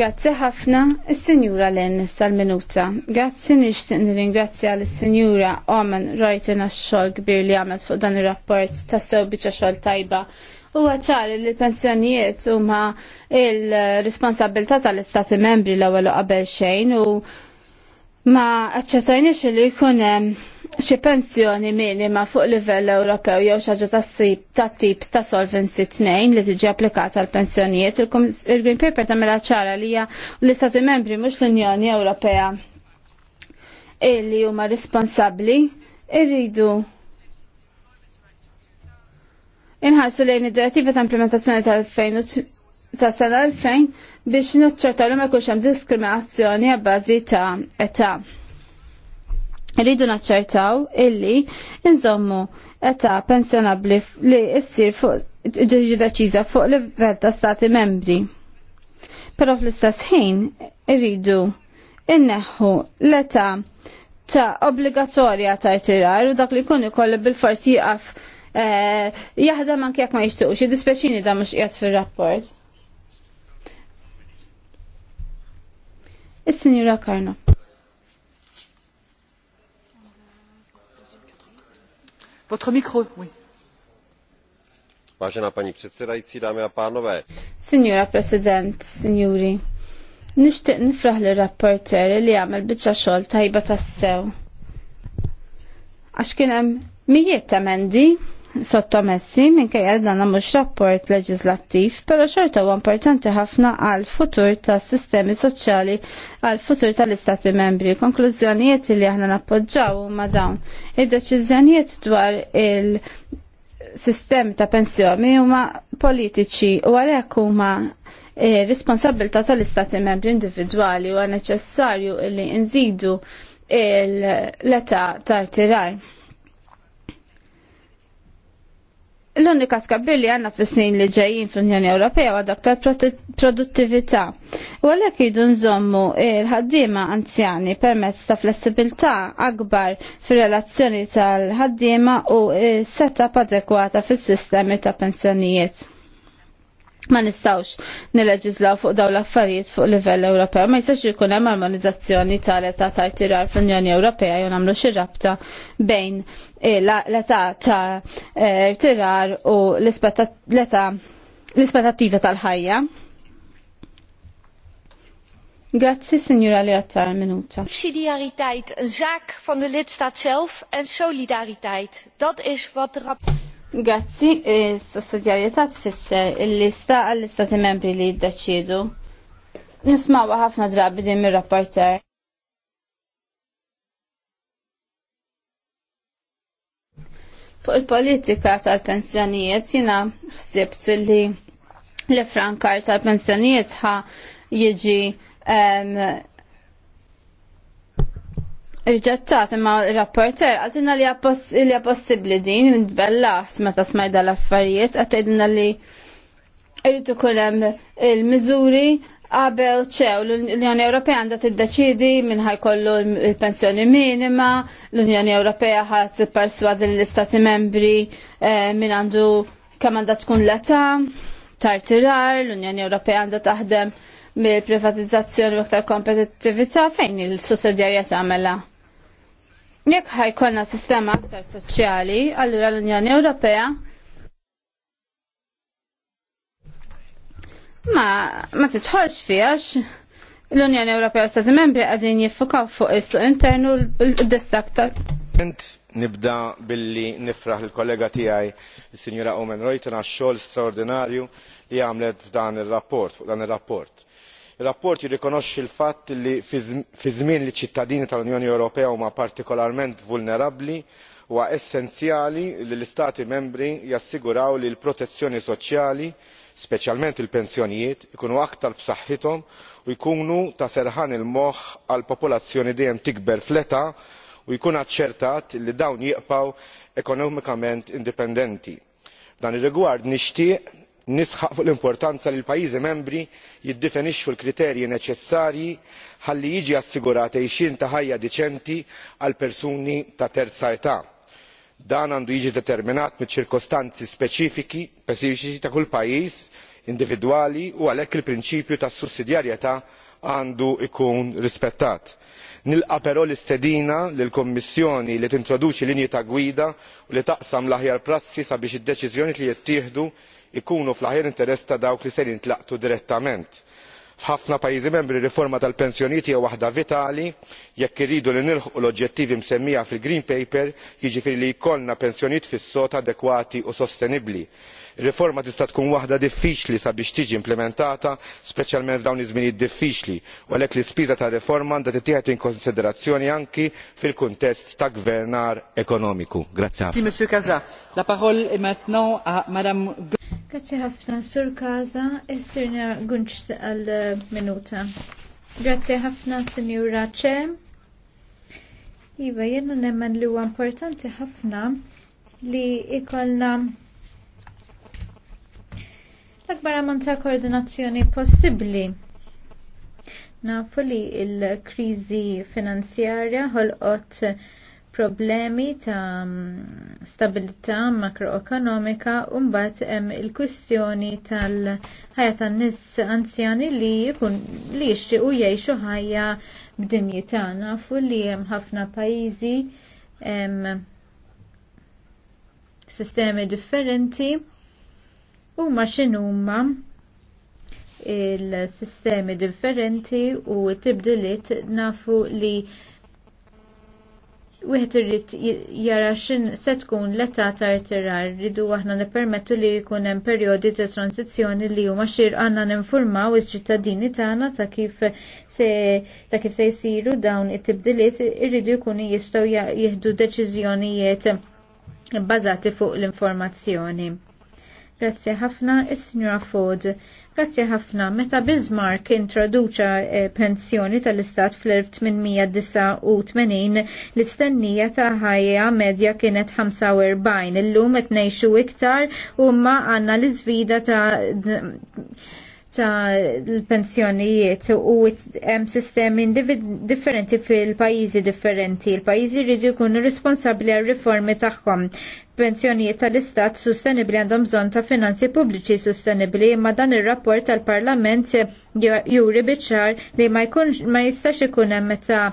Grazzi ħafna is-Sinjura Len sal-minuta. Grazzi nixtieq nirringrazzja lis-Sinjura Oman Rajten għax-xogħol kbir li għamlet fuq dan ir-rapport tassew biċċa xogħol tajba Huwa ċari li l-pensjonijiet huma il-responsabilità tal-Istati membri l-ewwel qabel xejn u ma aċċettajniex li jkun hemm xi pensjoni minima fuq livell Ewropew jew xi ħaġa ta' tip ta' solvency tnejn li tiġi applikata għal pensjonijiet, il-Green Paper tagħmilha ċara li hija l-Istati Membri mhux l-Unjoni Ewropea illi huma responsabbli irridu inħarsu lejn id-direttiva ta' implementazzjoni tal-2000 ta' sena 2000 biex naċċertaw li ma jkunx hemm diskriminazzjoni għabbażi ta' età. Rridu naċċertaw illi inżommu età pensjonabbli li ssir fuq ġiġi deċiża fuq livell ta' stati membri. Però fl-istess ħin irridu inneħħu l-età ta' obbligatorja ta' tirar u dak li jkun ikolli bil-forsi jaqaf Eh, jahda man kjak ma jixtuqx, xie dispeċini da mux jgħat fil rapport Is-Sinjura Karno. Votre micro, oui. Vážená paní předsedající, dámy a pánové. Signora President, signori, nishtiq nifraħ li rapporter li għamel bieċa xol tajba tassew. Għax kienem mijiet emendi sottomessi minkejja dan mhux rapport leġislattiv, però xorta huwa importanti ħafna għal futur tas sistemi soċjali għal futur tal-Istati membri. Konklużjonijiet li aħna nappoġġaw huma dawn. Id-deċiżjonijiet dwar il- sistemi ta' pensjoni huma politiċi u għalhekk huma eh, responsabilità tal-istati membri individwali u għan neċessarju li nżidu l-età tar tirar. L-unika skabbir li għanna fi snin li ġejjin fl-Unjoni Ewropea għad aktar produttività. U għalek jidu nżommu il-ħaddima anzjani permezz ta' flessibilità akbar fir relazzjoni tal-ħaddima u setta adekwata fis sistemi ta' pensjonijiet ma nistawx nileġislaw fuq daw l-affarijiet fuq livell Ewropew. Ma jistax ikun hemm armonizzazzjoni tal-età ta' tirar fl-Unjoni Ewropea jew nagħmlu xi rabta bejn eh, l-età ta' eh, tirar u l-ispettattiva tal-ħajja. Grazzi, signora Leotta minuta. Subsidiariteit, een zaak van de lidstaat zelf en solidariteit. Dat is wat de rapport... Grazzi, e, s-sussidjarjetà tfisser il-lista għall-istati membri li jiddeċidu. Nismawa ħafna drabi din mir-rapporter. Fuq il-politika tal-pensjonijiet jina ħsibt li l-frankar tal-pensjonijiet ħa jieġi Irġettat imma rapporter għatina li għapossibli appos, din ma meta smajda l-affarijiet għatina li irritu kolem il-mizuri għabew ċew l-Unjoni Ewropea għandha deċidi minn kollu il pensjoni minima, l-Unjoni Ewropea ħadd perswad l-Istati membri eh, minn għandu kemm għandha tkun l-età, tartirar, l-Unjoni Ewropea għandha taħdem mill-privatizzazzjoni u aktar kompetittività fejn il-sussedjarja tagħmelha. Jekk ħajkolna sistema aktar soċjali, allura l-Unjoni Ewropea ma, ma titħolx fijax l-Unjoni Ewropea u Stati Membri għadin jiffukaw fuq is-suq internu l aktar nibda billi nifraħ il-kollega tiegħi is-Sinjura Omen Reuter għax-xogħol straordinarju li għamlet f'dan ir-rapport fuq dan ir-rapport rapport jirrikonoxxi l-fatt li fi żmien li ċ-ċittadini tal-unjoni ewropea huma partikolarment vulnerabbli huwa essenzjali li l-istati membri jassiguraw li l-protezzjoni soċjali speċjalment il-pensjonijiet ikunu aktar b'saħħithom u jkunu ta' serħan il moħħ għal popolazzjoni dejjem tikber fl-età u jkun aċċertat li dawn jibqgħu ekonomikament indipendenti. f'dan ir-rigward nixtieq nisħaq fuq l-importanza li l-pajjiżi membri jiddefinixxu l-kriterji neċessarji ħalli jiġi assigurat għexien ta' ħajja diċenti għal persuni ta' terza età. dan għandu jiġi determinat miċ-ċirkostanzi speċifiċi ta' kull pajjiż individwali u għalhekk il-prinċipju ta' sussidjarjetà għandu jkun rispettat. nilqa però l-istedina lill kummissjoni li tintroduċi linji ta' gwida u li taqsam l aħjar prassi sabiex id-deċiżjonijiet li jittieħdu ikunu fl aħjar interess ta' dawk li se jintlaqtu direttament. f'ħafna pajjiżi membri riforma tal pensjonijiet hija waħda vitali jekk irridu li nilħqu l-oġġettivi msemmija fil green paper jiġifieri li jkollna pensjonijiet fis-sod adekwati u sostenibbli ir-riforma tista' tkun waħda diffiċli sabiex tiġi implementata speċjalment f'dawn iż-żminijiet diffiċli u għalhekk l-ispiża tar-riforma għandha tittieħed in konsiderazzjoni anki fil-kuntest ta' gvernar ekonomiku. Grazie ħafna, Sur Kaza, e Sirna Gunċ għal-minuta. Grazie ħafna, Sinjura Ċe. Iva, jenna nemmen li huwa importanti ħafna li ikolna l-akbar ammont ta' koordinazzjoni possibbli. Nafu li l-kriżi finanzjarja ħolqot problemi ta' stabilità makroekonomika u mbagħad hemm il-kwistjoni tal-ħajja tan-nies anzjani li jkun li jixtiequ jgħixu ħajja b'dinjità. Nafu li hemm ħafna pajjiżi hemm sistemi differenti huma x'inhuma il-sistemi differenti u t nafu li wieħed irrid jara x'in se tkun l-età ta' irtirar rridu aħna nippermettu li jkun hemm perjodi ta' transizzjoni li huma xir għandna ninformaw iċ-ċittadini tagħna ta' kif se ta' kif se jsiru dawn it-tibdiliet irridu jkunu jistgħu jieħdu deċiżjonijiet bbażati fuq l-informazzjoni. Grazzi ħafna is-Sinjora Ford. Grazzi ħafna. Meta Bismarck introduċa eh, pensjoni tal-Istat fl-1889 l-istennija ta' ħajja medja kienet 45 illum qed ngħixu iktar u ma għandna l-iżvida ta' ta' l-pensjonijiet u hemm sistemi differenti fil-pajjiżi differenti. Il-pajjiżi jridu jkunu responsabbli għal riformi tagħhom. Pensjonijiet tal-istat sostenibbli għandhom bżonn ta' finanzi pubbliċi sostenibbli imma dan ir-rapport tal-Parlament juri biċ-ċar li ma jkun ma jistax ikun hemm meta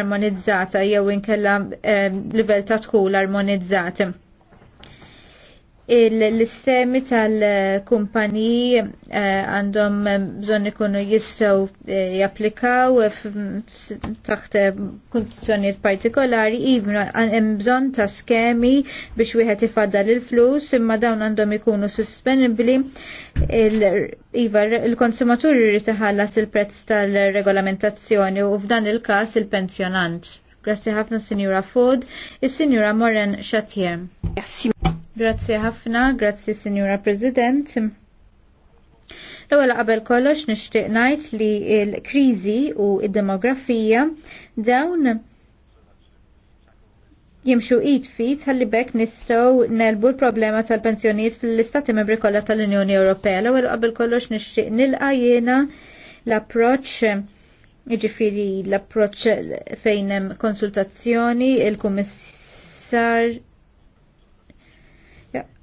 armonizzata jew inkella eh, livell ta' tkun armonizzat l-istemi tal-kumpaniji eh, għandhom bżonn ikunu jistgħu eh, japplikaw taħt eh, kundizzjonijiet partikolari even hemm bżonn ta' skemi biex wieħed ifadda il-flus imma dawn għandhom ikunu suspenibbli iva, il-konsumatur irid iħallas il-prezz tal-regolamentazzjoni u f'dan il-każ il-pensjonant. Grazzi ħafna Sinjura Ford, is-Sinjura Moren Xatier. Grazie. Grazzi ħafna, grazzi Sinjura President. L-ewwel qabel kollox nixtieq ngħid li l-kriżi u d-demografija dawn jimxu id fit ħalli bekk nistgħu nelbu l-problema tal-pensjonijiet fl-istati membri kollha tal-Unjoni Ewropea. L-ewwel qabel kollox nixtieq nilqa jiena l-approċċ jiġifieri l-approċċ fejn hemm konsultazzjoni il-kummissar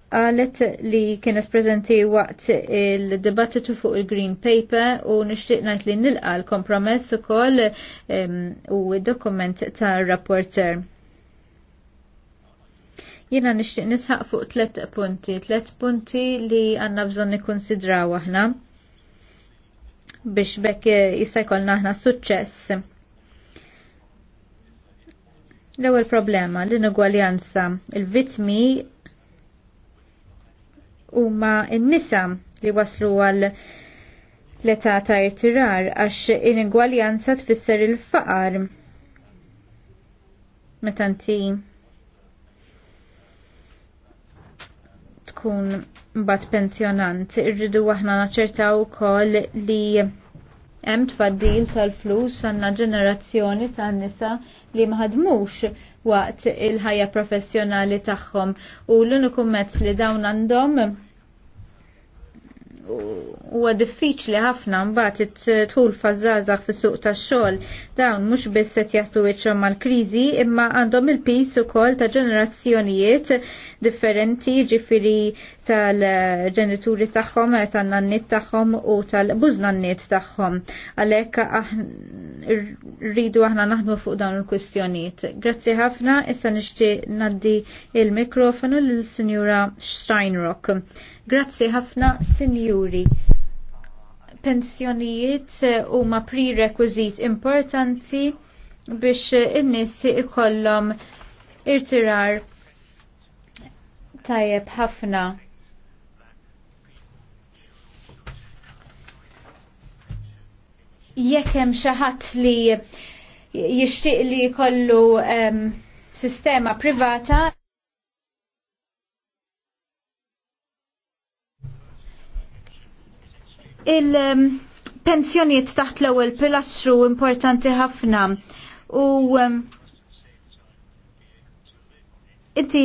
għalet li kienet prezenti waqt il-dibattitu fuq il-Green Paper u nishtiqnajt li nilqa l-kompromess u koll u dokument ta' rapporter. Jena nishtiq nisħaq fuq tlet punti, tlet punti li għanna bżon nikonsidraw aħna biex bekk jista' jkollna aħna suċċess. L-ewwel problema l-inugwaljanza. Il-vitmi huma n-nisa li waslu għal l-età ta' irtirar għax in-ingwaljanza tfisser il-faqar. Meta tkun mbagħad pensjonant, irridu aħna naċċertaw ukoll li hemm tfaddil tal-flus għandna ġenerazzjoni tan-nisa li maħadmux waqt il-ħajja professjonali tagħhom u l-uniku mezz li dawn għandhom huwa diffiċli ħafna mbagħad it tħul fażżażagħ fis-suq tax-xogħol dawn mhux biss qed jaħdu wiċċhom mal-kriżi imma għandhom il-pis ukoll ta' ġenerazzjonijiet differenti ġifieri tal-ġenituri tagħhom, tan-nannit tagħhom u tal-bużnannit tagħhom. Għalhekk rridu aħna naħdmu fuq dawn il-kwistjonijiet. Grazzi ħafna, issa nixtieq naddi il-mikrofonu lil sinjura Steinrock. Grazzi ħafna, Sinjuri. Pensjonijiet eh, huma prerequisit importanti biex eh, in-nies ikollhom irtirar tajjeb ħafna. Jekk hemm xi ħadd li jixtieq li jkollu um, sistema privata il-pensjoniet um, taħt l-ewwel pilastru importanti ħafna u um, inti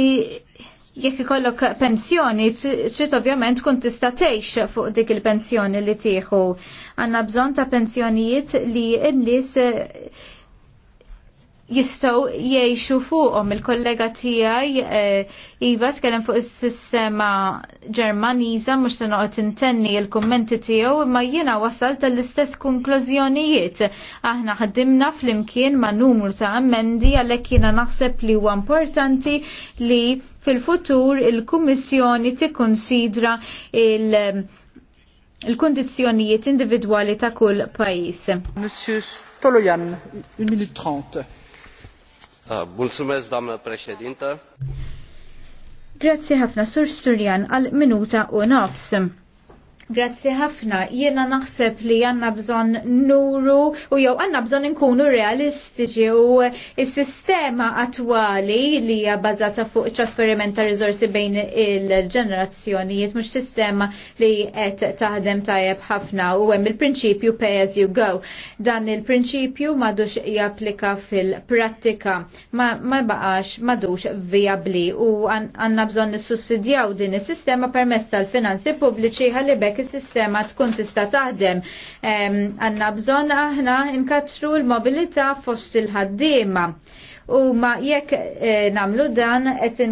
jekk ikollok pensjoni, trid ovvjament tkun tista' tgħix fuq dik il-pensjoni li tieħu. Għandna bżonn ta' pensjonijiet li n-nies jistow jiexu fuqom il-kollega tijaj eh, Iva tkellem fuq il-sistema ġermaniza mux noqot intenni il-kommenti tijaw ma jina wasal tal-istess konklużjonijiet aħna ħaddimna fl-imkien ma numru ta' ammendi għalek jina naħseb li huwa importanti li fil-futur il-Kummissjoni tikkonsidra il- il-kondizjonijiet individwali ta' kull pajis. Monsieur Stolojan, 1 minute 30. Ah, mulțumesc, doamnă președintă. Grazie ħafna sur Surjan għal minuta u nofs. Grazzi ħafna. Jiena naħseb li għanna bżon nuru u jew għanna bżon nkunu realistiċi u s-sistema attuali li hija fuq trasferiment ta' bejn il-ġenerazzjonijiet mhux sistema li qed taħdem tajjeb ħafna u hemm il-prinċipju pay as you go. Dan il-prinċipju madux japplika fil-prattika ma, ma baqax madux viabli u għanna bżon nissussidjaw din is-sistema permezz tal-finanzi pubbliċi ħalibek bekk is-sistema tkun tista' taħdem. Għandna bżonn aħna nkatru l-mobilità fost il-ħaddiema. U ma jekk eh, namlu dan qed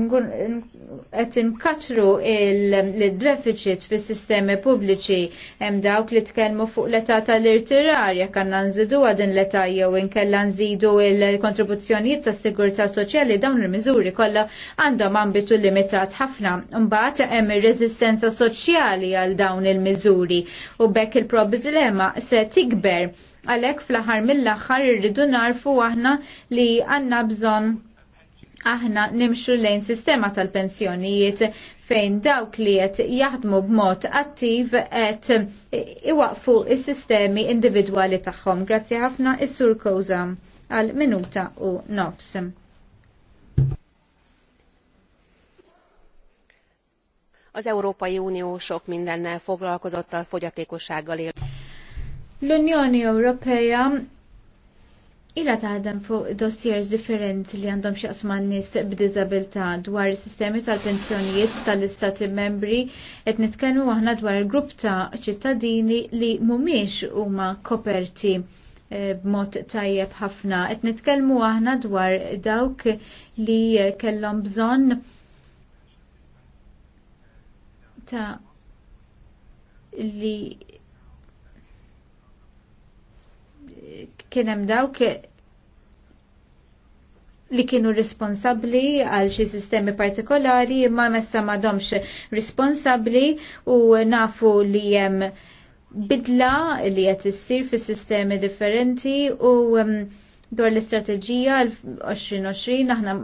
qed inkatru il-deficit fis sistemi pubbliċi hemm dawk li tkellmu fuq l-età tal-irtirar jekk għandna nżidu din l-età jew inkella nżidu il-kontribuzzjonijiet tas-sigurtà soċjali dawn il-miżuri kollha għandhom ambitu limitat ħafna. Mbagħad hemm ir-reżistenza soċjali għal dawn il-miżuri u bekk il-problema se tikber għalhekk fl-aħħar mill-aħħar irridu narfu aħna li għandna bżonn aħna nimxu lejn sistema tal-pensjonijiet fejn dawk li qed jaħdmu b'mod attiv qed iwaqfu s-sistemi individwali tagħhom. Grazzi ħafna is-Sur Koza għal minuta u nofs. Az Európai Unió sok mindennel foglalkozott a fogyatékossággal él. L-Unjoni Ewropea Ila taħdem fuq dossiers differenti li għandhom xaqsma nis b'dizabilta dwar sistemi tal-pensjonijiet tal-istati membri et nitkellmu aħna dwar grupp ta' ċittadini li mumiex huma koperti eh, b'mod tajjeb ħafna. Et nitkellmu aħna dwar dawk li kellhom bżonn ta' li kien hemm dawk li kienu responsabli għal xi sistemi partikolari imma messa m'għadhomx responsabli u nafu li hemm bidla li qed issir fis-sistemi differenti u um, dwar l-istrateġija 2020 aħna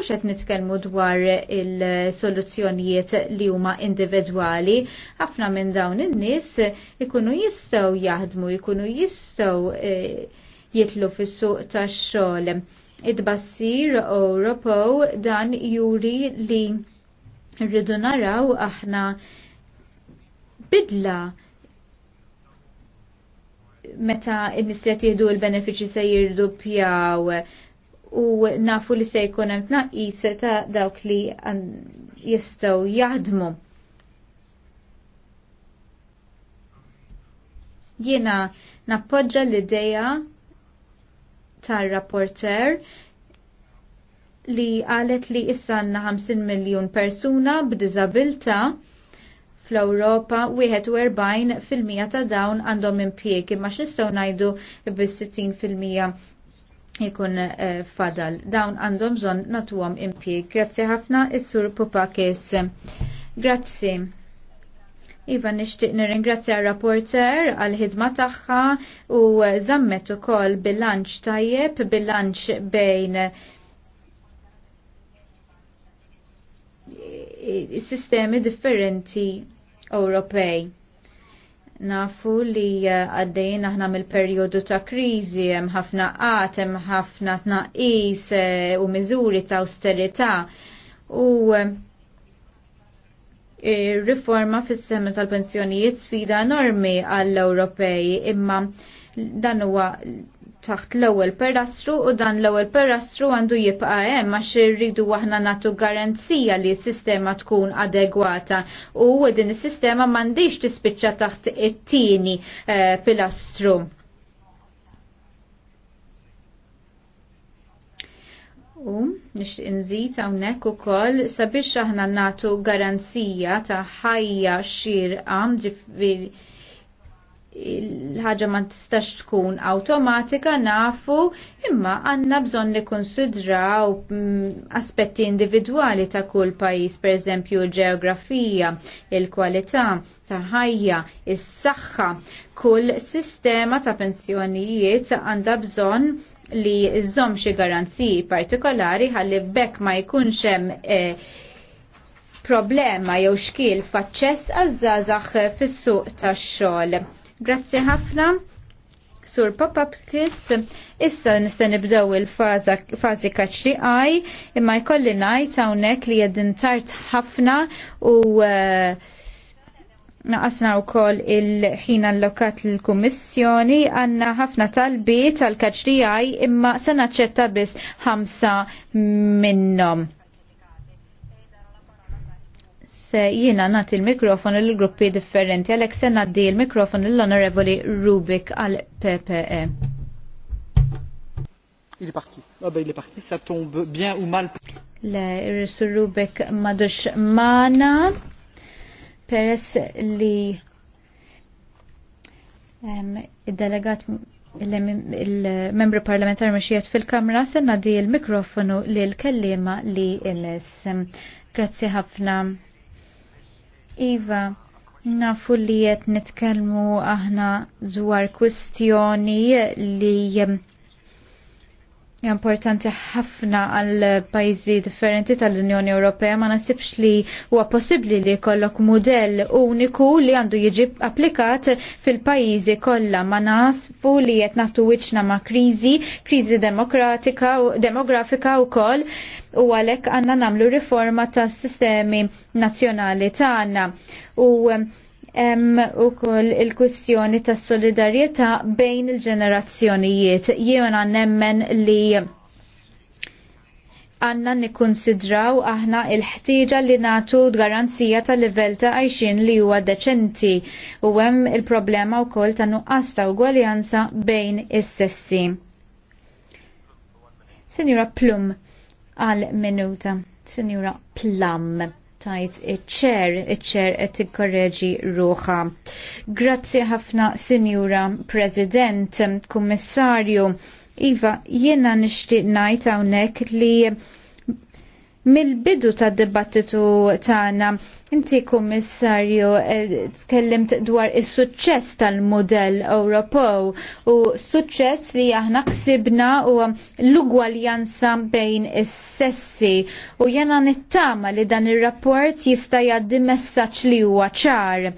mhux qed nitkellmu dwar il-soluzzjonijiet li huma individwali. Ħafna minn dawn in-nies ikunu jistgħu jaħdmu, ikunu jistgħu e, jitlu fis-suq tax-xogħol. Id-bassir Ewropew dan juri li rridu naraw aħna bidla meta n-nislet jihdu l-benefiċi se jirdu pjaw u nafu li se jkun hemm tnaqqis ta' dawk li jistgħu jaħdmu. Jiena nappoġġa l-idea tar-rapporter li qalet li issa għandna 50 miljun persuna b'diżabilità fl-Ewropa 41 fil-mija ta' dawn għandhom impjieg imma x'nistgħu ngħidu bis-60 fil-mija jikun eh, fadal. Dawn għandhom bżonn nagħtuhom impjieg. Grazzi ħafna is-sur Pupakis. Grazzi. Iva nixtieq nirringrazzja rapporter għal ħidma tagħha u żammet ukoll bilanċ tajjeb, bilanċ bejn sistemi differenti Ewropej Nafu li eh, għaddejn aħna mill-perjodu ta' kriżi hemm ħafna qat, hemm ħafna tnaqqis eh, u miżuri ta' austerità u eh, riforma fis-sema tal-pensjonijiet sfida enormi għall-Ewropej imma dan huwa taħt l-ewwel perastru u dan l-ewwel perastru għandu jibqa' hemm għax irridu aħna nagħtu garanzija li s-sistema tkun adegwata u din is-sistema m'għandix tispiċċa taħt it-tieni eh, pilastru. U nixtieq inżid hawnhekk ukoll sabiex aħna nagħtu garanzija ta' ħajja xirqa ġifieri l-ħaġa ma tistax tkun awtomatika nafu imma għanna bżon li konsidraw mm, aspetti individuali ta' kull pajis, per eżempju ġeografija, il-kwalità ta' ħajja, is-saħħa, kull sistema ta' pensjonijiet għandha bżon li iżom xi garanziji partikolari ħalli bekk ma jkunx hemm eh, problema jew xkiel faċċess għaż-żgħażagħ fis-suq tax-xogħol Grazzi ħafna. Sur pop-up kiss, issa nista nibdew il-fazi kaċri għaj, imma jkolli najt hawnhekk li jeddin tart ħafna u eh, naqasna u kol il-ħin allokat l-Kummissjoni għanna ħafna talbiet għal kaċri għaj imma sanaċċetta bis ħamsa minnom se jiena nagħti l-mikrofon lill gruppi differenti għalhekk se ngħaddi l-mikrofon lill-Onorevoli Rubik għal PPE. Il parti. Ah ben il parti, ça tombe bien ou mal. Le Rubik madux mana peress li il-delegat il-membru parlamentari mxijiet fil-kamra senna di il-mikrofonu li l-kellima li imis. Grazie ħafna. Iva, nafu li jett nitkelmu aħna dwar kwistjoni li importanti ħafna għal pajzi differenti tal-Unjoni Ewropea ma nasibx li huwa possibbli li kollok modell uniku li għandu jiġi applikat fil-pajjiżi kollha ma nasfu li qed nagħtu wiċċna ma' kriżi, kriżi demokratika u demografika wkoll u għalhekk għandna nagħmlu riforma tas-sistemi nazzjonali tagħna. U hemm ukoll il-kwistjoni tas solidarjetà bejn il-ġenerazzjonijiet. Jiena nemmen li għanna nikkonsidraw aħna il-ħtieġa li natu garanzija tal livell ta' għajxin li huwa deċenti u hemm il-problema wkoll ta' nuqqas ta' ugwaljanza bejn is-sessi. Sinjura Plum għal minuta. Sinjura Plum tajt iċ iċċer iċ-ċer qed ikkorreġi ruħa. Grazzi ħafna, Sinjura President, Kummissarju. Iva, jiena nixtieq ngħid hawnhekk li mill-bidu ta' dibattitu tagħna inti kummissarju eh, tkellimt dwar is-suċċess tal-modell Ewropew u suċċess li aħna ksibna u l-ugwaljanza bejn is-sessi u jena nittama li dan ir-rapport jista' jgħaddi messaġġ li huwa ċar.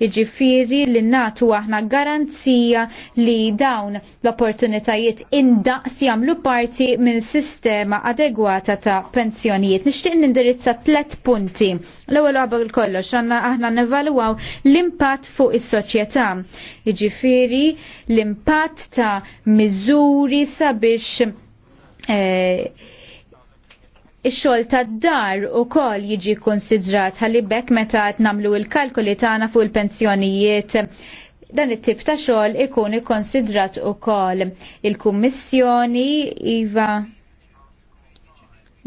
Jiġifieri li nagħtu aħna garanzija li dawn l-opportunitajiet indaqs jagħmlu parti minn sistema adegwata ta' pensjonijiet affarijiet. Nixtieq nindirizza tlet punti. L-ewwel qabel kollox għandna aħna nevalwaw l-impatt fuq is-soċjetà. Jiġifieri l-impatt ta' miżuri sabiex eh, Ix-xogħol tad-dar ukoll jiġi konsidrat ħalli bekk meta qed nagħmlu l-kalkoli tagħna fuq il-pensjonijiet dan it-tip ta' xogħol ikun ikkonsidrat ukoll il-Kummissjoni iva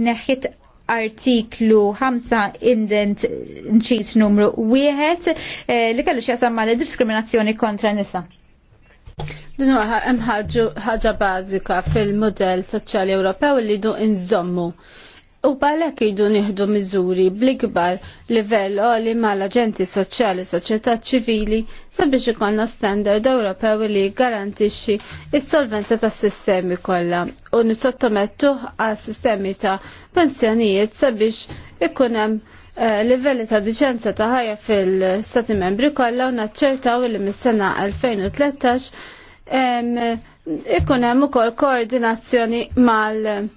neħħit artiklu 5 indent nċis numru 1 eh, li kellu xjasam ma' diskriminazzjoni kontra nisa. Dinu huwa hemm ħaġa bażika fil-mudell soċjali Ewropew li du inżommu U balek jidu nieħdu miżuri bl-ikbar livell li mal-aġenti soċjali soċjetà ċivili sabiex ikonna standard Ewropew li garantixxi s-solvenza tas sistemi kollha u nisottomettuh għal sistemi ta' pensjonijiet sabiex ikun hemm eh, livelli ta' diċenza ta' ħajja fil-Stati membri kollha u naċċertaw li mis-sena 2013 ikun hemm ukoll koordinazzjoni mal-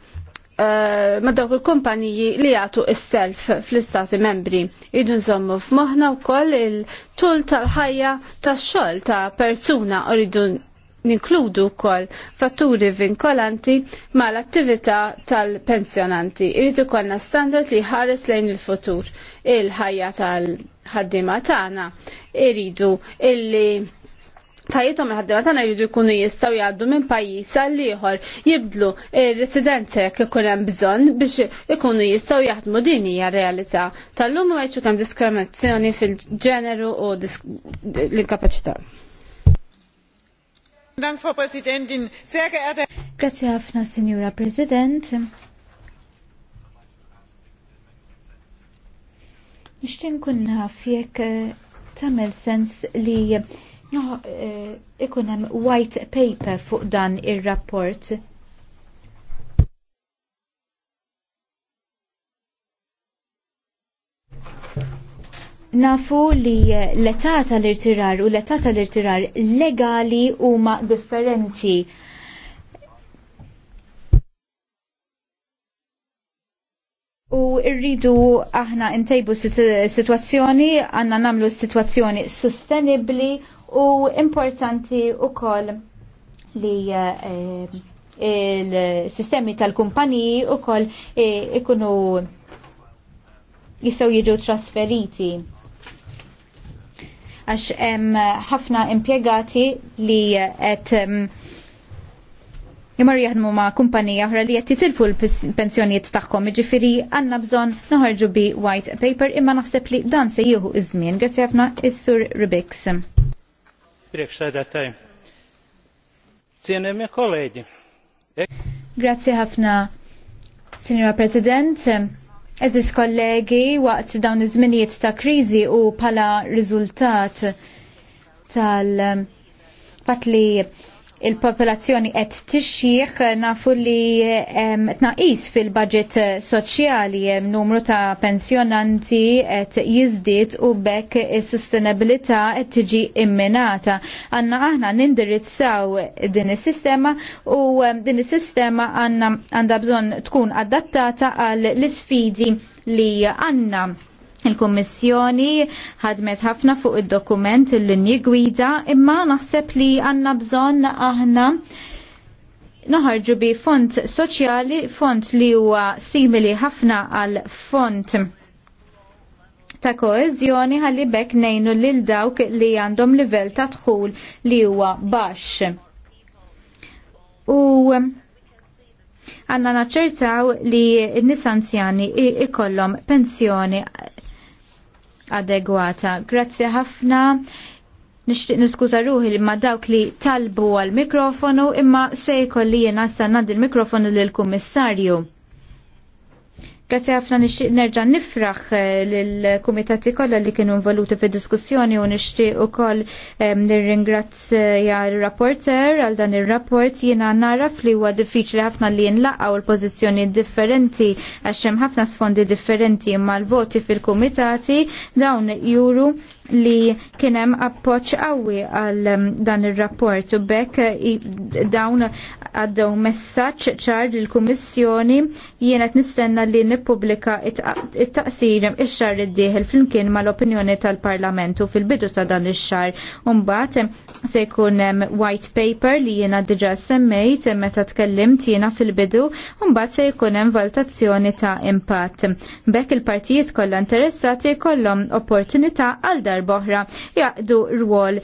Eh, ma dawk il-kumpaniji li jagħtu is-self fl-istati membri. Idu nżommu f'moħħna wkoll il-tul tal-ħajja tax-xogħol ta' persuna u rridu ninkludu wkoll fatturi vinkolanti mal attività tal-pensjonanti. Irid ikollna standard li ħares lejn il-futur il-ħajja tal-ħaddiema tagħna. Iridu illi tajjithom il-ħaddima tagħna jridu jkunu jistgħu jgħaddu minn pajjiż għal ieħor jibdlu r-residenza jekk ikun hemm bżonn biex ikunu jistgħu jaħdmu din hija realità. Tal-lum ma jċu kemm diskriminazzjoni fil-ġeneru u l-inkapaċità. Dank Frau Präsidentin, sehr geehrte Grazie ħafna, Signora President. Nixtin kunna fjek eh, tamel sens li No, eh, ikunem white paper fuq dan il-rapport. Nafu li eh, l-età tal-irtirar u l-età tal-irtirar legali huma differenti. U rridu aħna ntejbu situazzjoni, għanna namlu situazzjoni sostenibli u importanti wkoll li eh, il-sistemi tal-kumpaniji u kol eh, ikunu jistgħu jiġu trasferiti għax hemm ħafna impjegati li qed jimar jaħdmu ma' kumpanija oħra li qed jitilfu l-pensjonijiet tagħhom, jiġifieri għandna bżonn noħorġu bi white paper imma naħseb li dan se jieħu iż-żmien. Grazzi ħafna is-Sur Rubiks. Grazie ħafna, Signora President. Eżis kollegi, waqt dawn iż-żminijiet ta' kriżi u pala riżultat tal-fat li il-popolazzjoni qed tixjih nafu li tnaqis fil-budget soċjali hemm numru ta' pensjonanti qed jiżdied u bekk is-sustenabilità qed tiġi imminata. Għandna aħna nindirizzaw din is-sistema u din is-sistema għandha bżonn tkun adattata għal l-isfidi li għandna Il-Kommissjoni ħadmet ħafna fuq id-dokument l linji gwida imma naħseb li għanna bżon aħna noħarġu bi font soċjali, font li huwa simili ħafna għal font ta' koeżjoni ħalli bekk nejnu lil dawk li għandhom livell ta' dħul li huwa baxx. U għanna naċċertaw li n-nis anzjani ikollhom pensjoni adegwata. Grazzi ħafna. Nixtieq niskuża ruħi li ma dawk li talbu għal mikrofonu imma se jkolli jiena sa il l-mikrofonu lill-Kummissarju. Grazie ħafna nixtieq nerġa' nifraħ eh, lill-kumitati kollha li kienu involuti fid-diskussjoni u nixtieq ukoll eh, nirringrazzja r-rapporter għal dan ir-rapport jiena naraf li huwa diffiċli ħafna li jinlaqaw l pozizjoni differenti għax hemm ħafna sfondi differenti imma l-voti fil-kumitati dawn juru li kienem appoċ għawi għal eh, dan il-rapport u bekk dawn għaddew messaċ ċar l-Kummissjoni jienet nistenna li Repubblika it-taqsir ix-xar id-dieħel flimkien mal-opinjoni tal-Parlamentu fil-bidu ta' dan ix-xar. Umbagħad se jkun white paper li jiena diġà semmejt meta tkellimt jiena fil-bidu, mbagħad se jkun hemm valutazzjoni ta' impatt. Bekk il-partijiet kollha interessati kollhom opportunità għal darba oħra jaqdu rwol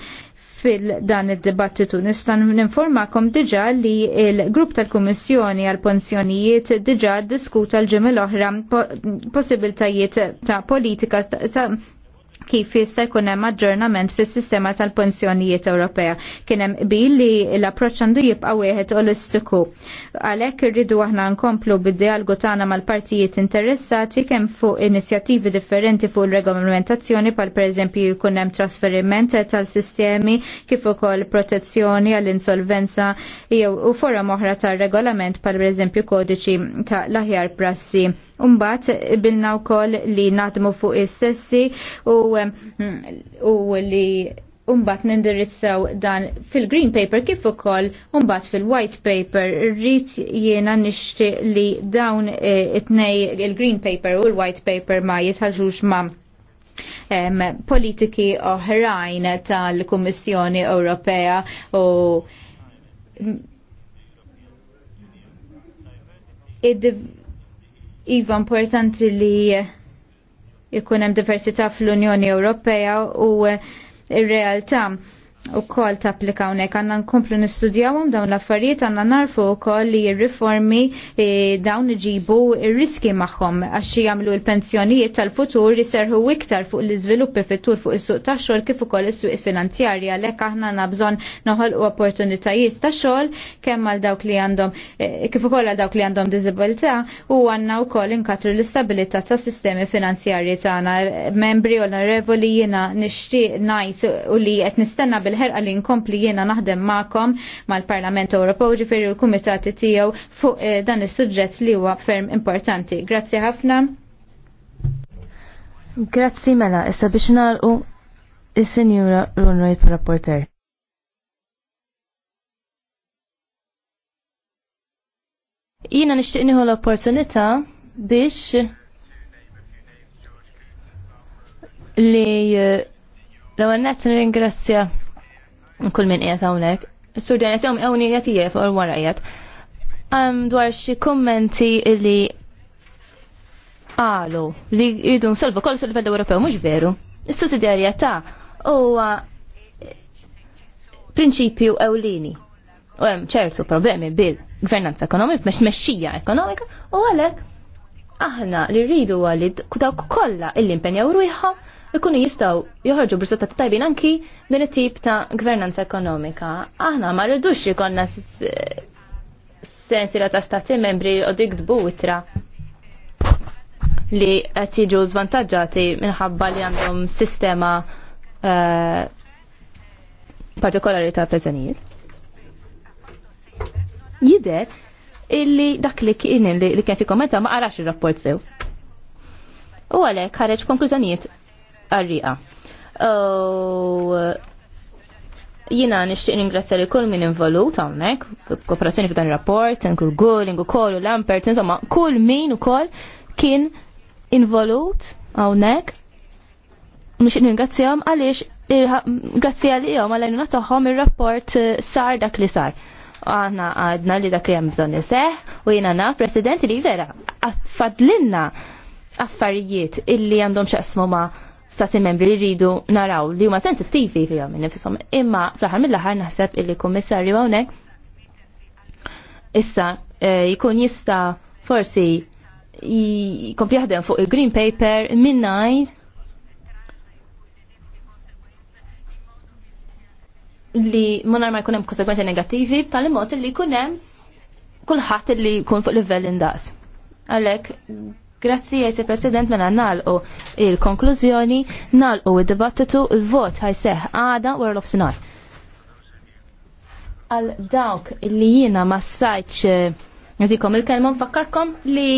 fil-dan id-dibattitu. Nistan ninformakom diġa li il-grupp tal-Kummissjoni għal-Pensjonijiet diġa diskuta l-ġimgħa l-oħra possibiltajiet ta' politika ta' kif jista' jkun hemm aġġornament fis-sistema tal-pensjonijiet Ewropea. Kien hemm bil li l-approċċ għandu jibqa' wieħed olistiku. Għalhekk irridu aħna nkomplu bid-dialgu tagħna mal-partijiet interessati kemm fuq inizjattivi differenti fuq il-regolamentazzjoni pal pereżempju jkun hemm trasferiment tal-sistemi kif ukoll protezzjoni għall-insolvenza jew u forra oħra tar-regolament pal pereżempju kodiċi ta' l-aħjar prassi. Umbat bilna wkoll li naħdmu fuq is-sessi u u li Umbat nindirizzaw dan fil-Green Paper kif ukoll umbat fil-White Paper rrit jiena nixtieq li dawn e, it-tnej il-Green Paper u l-White Paper ma jitħaġux ma' um, politiki oħrajn tal-Kummissjoni Ewropea u id-iva importanti li ikun hemm diversità fl-Unjoni Ewropea u ir-realtà u kol ta' unek, għanna nkomplu nistudjawum dawn l-affarijiet għanna narfu u kol li riformi eh, dawn iġibu riski maħħom għax jamlu l-pensjonijiet tal-futur jiserħu iktar fuq l-izviluppi fit-tur fuq is-suq ta' xogħol kif ukoll is-suq finanzjarji għalhekk aħna nabżon bżonn u opportunitajiet ta' xogħol kemm għal dawk li għandhom eh, kif ukoll għal dawk li għandhom diżabilità u għandna wkoll inkatru l-istabilità tas sistemi finanzjarji tagħna. Membri onorevoli jiena nixtieq ngħid u li qed nistenna bil l ħerqa li nkompli jiena naħdem magħkom mal-Parlament Ewropew ġifieri l-kumitati tiegħu fuq eh, dan is-suġġett li huwa ferm importanti. Grazzi ħafna. Grazzi mela, issa biex nagħlqu is-Sinjura Runwejt rapporter. Jina nishtiq nieħu l-opportunità biex li eh, l-għannet ringrazzja kull minn qiegħed hawnhekk. Sur dan qed hawn qiegħed jief u wara qiegħed. Dwar xi kummenti li qalu li jridu nsolvu kollox il-livell Ewropew mhux veru. Is-sussidjarjetà huwa prinċipju ewlieni. U hemm ċertu problemi bil-gvernanza ekonomika, mex mexxija ekonomika, u għalhekk aħna li rridu għalli dawk kollha illi impenjaw ruħhom ikunu jistaw joħorġu ta' tajbin anki din it-tip ta' gvernanza ekonomika. Aħna ma rridux ikonna sensira ta' stati membri u dikdbu itra li qed jiġu żvantaġġati minħabba li għandhom sistema eh, partikolari ta' pensjonijiet. Jider illi dak li kien li kien tikkommenta ma qarax ir-rapport sew. U għalhekk ħareġ konklużjonijiet U Jina nishtiq ningrazzja li kull min involut hawnhekk, kooperazzjoni f'dan rapport, inkur Gulling ukoll u Lampert, insomma, kull min ukoll kien involut hawnhekk. Nixtieq ningrazzjahom għaliex grazzi għalihom għal tagħhom ir-rapport eh, sar dak li sar aħna għadna li dak li hemm bżonn iseħ u jiena naf President li vera fadlinna affarijiet illi għandhom xaqsmu ma' stati membri li rridu naraw li huma sensittivi fihom nifisom. Imma fl-aħħar mill-aħħar naħseb illi kummissarju hawnhekk issa eh, jkun jista' forsi jkompli jaħdem fuq il-green paper minnajr li monar ma jkunem konsekwenzi negativi tal-imot li hemm kullħat li jkun fuq livell indaqs. Għalek, Grazzi jgħid il-President mela nalqu il-konklużjoni, nalqu id-dibattitu, il-vot ħajseħ għada u l-ofsinar. Għal dawk li jiena ma sajċ eh, Għadikom il kelmon fakkarkom li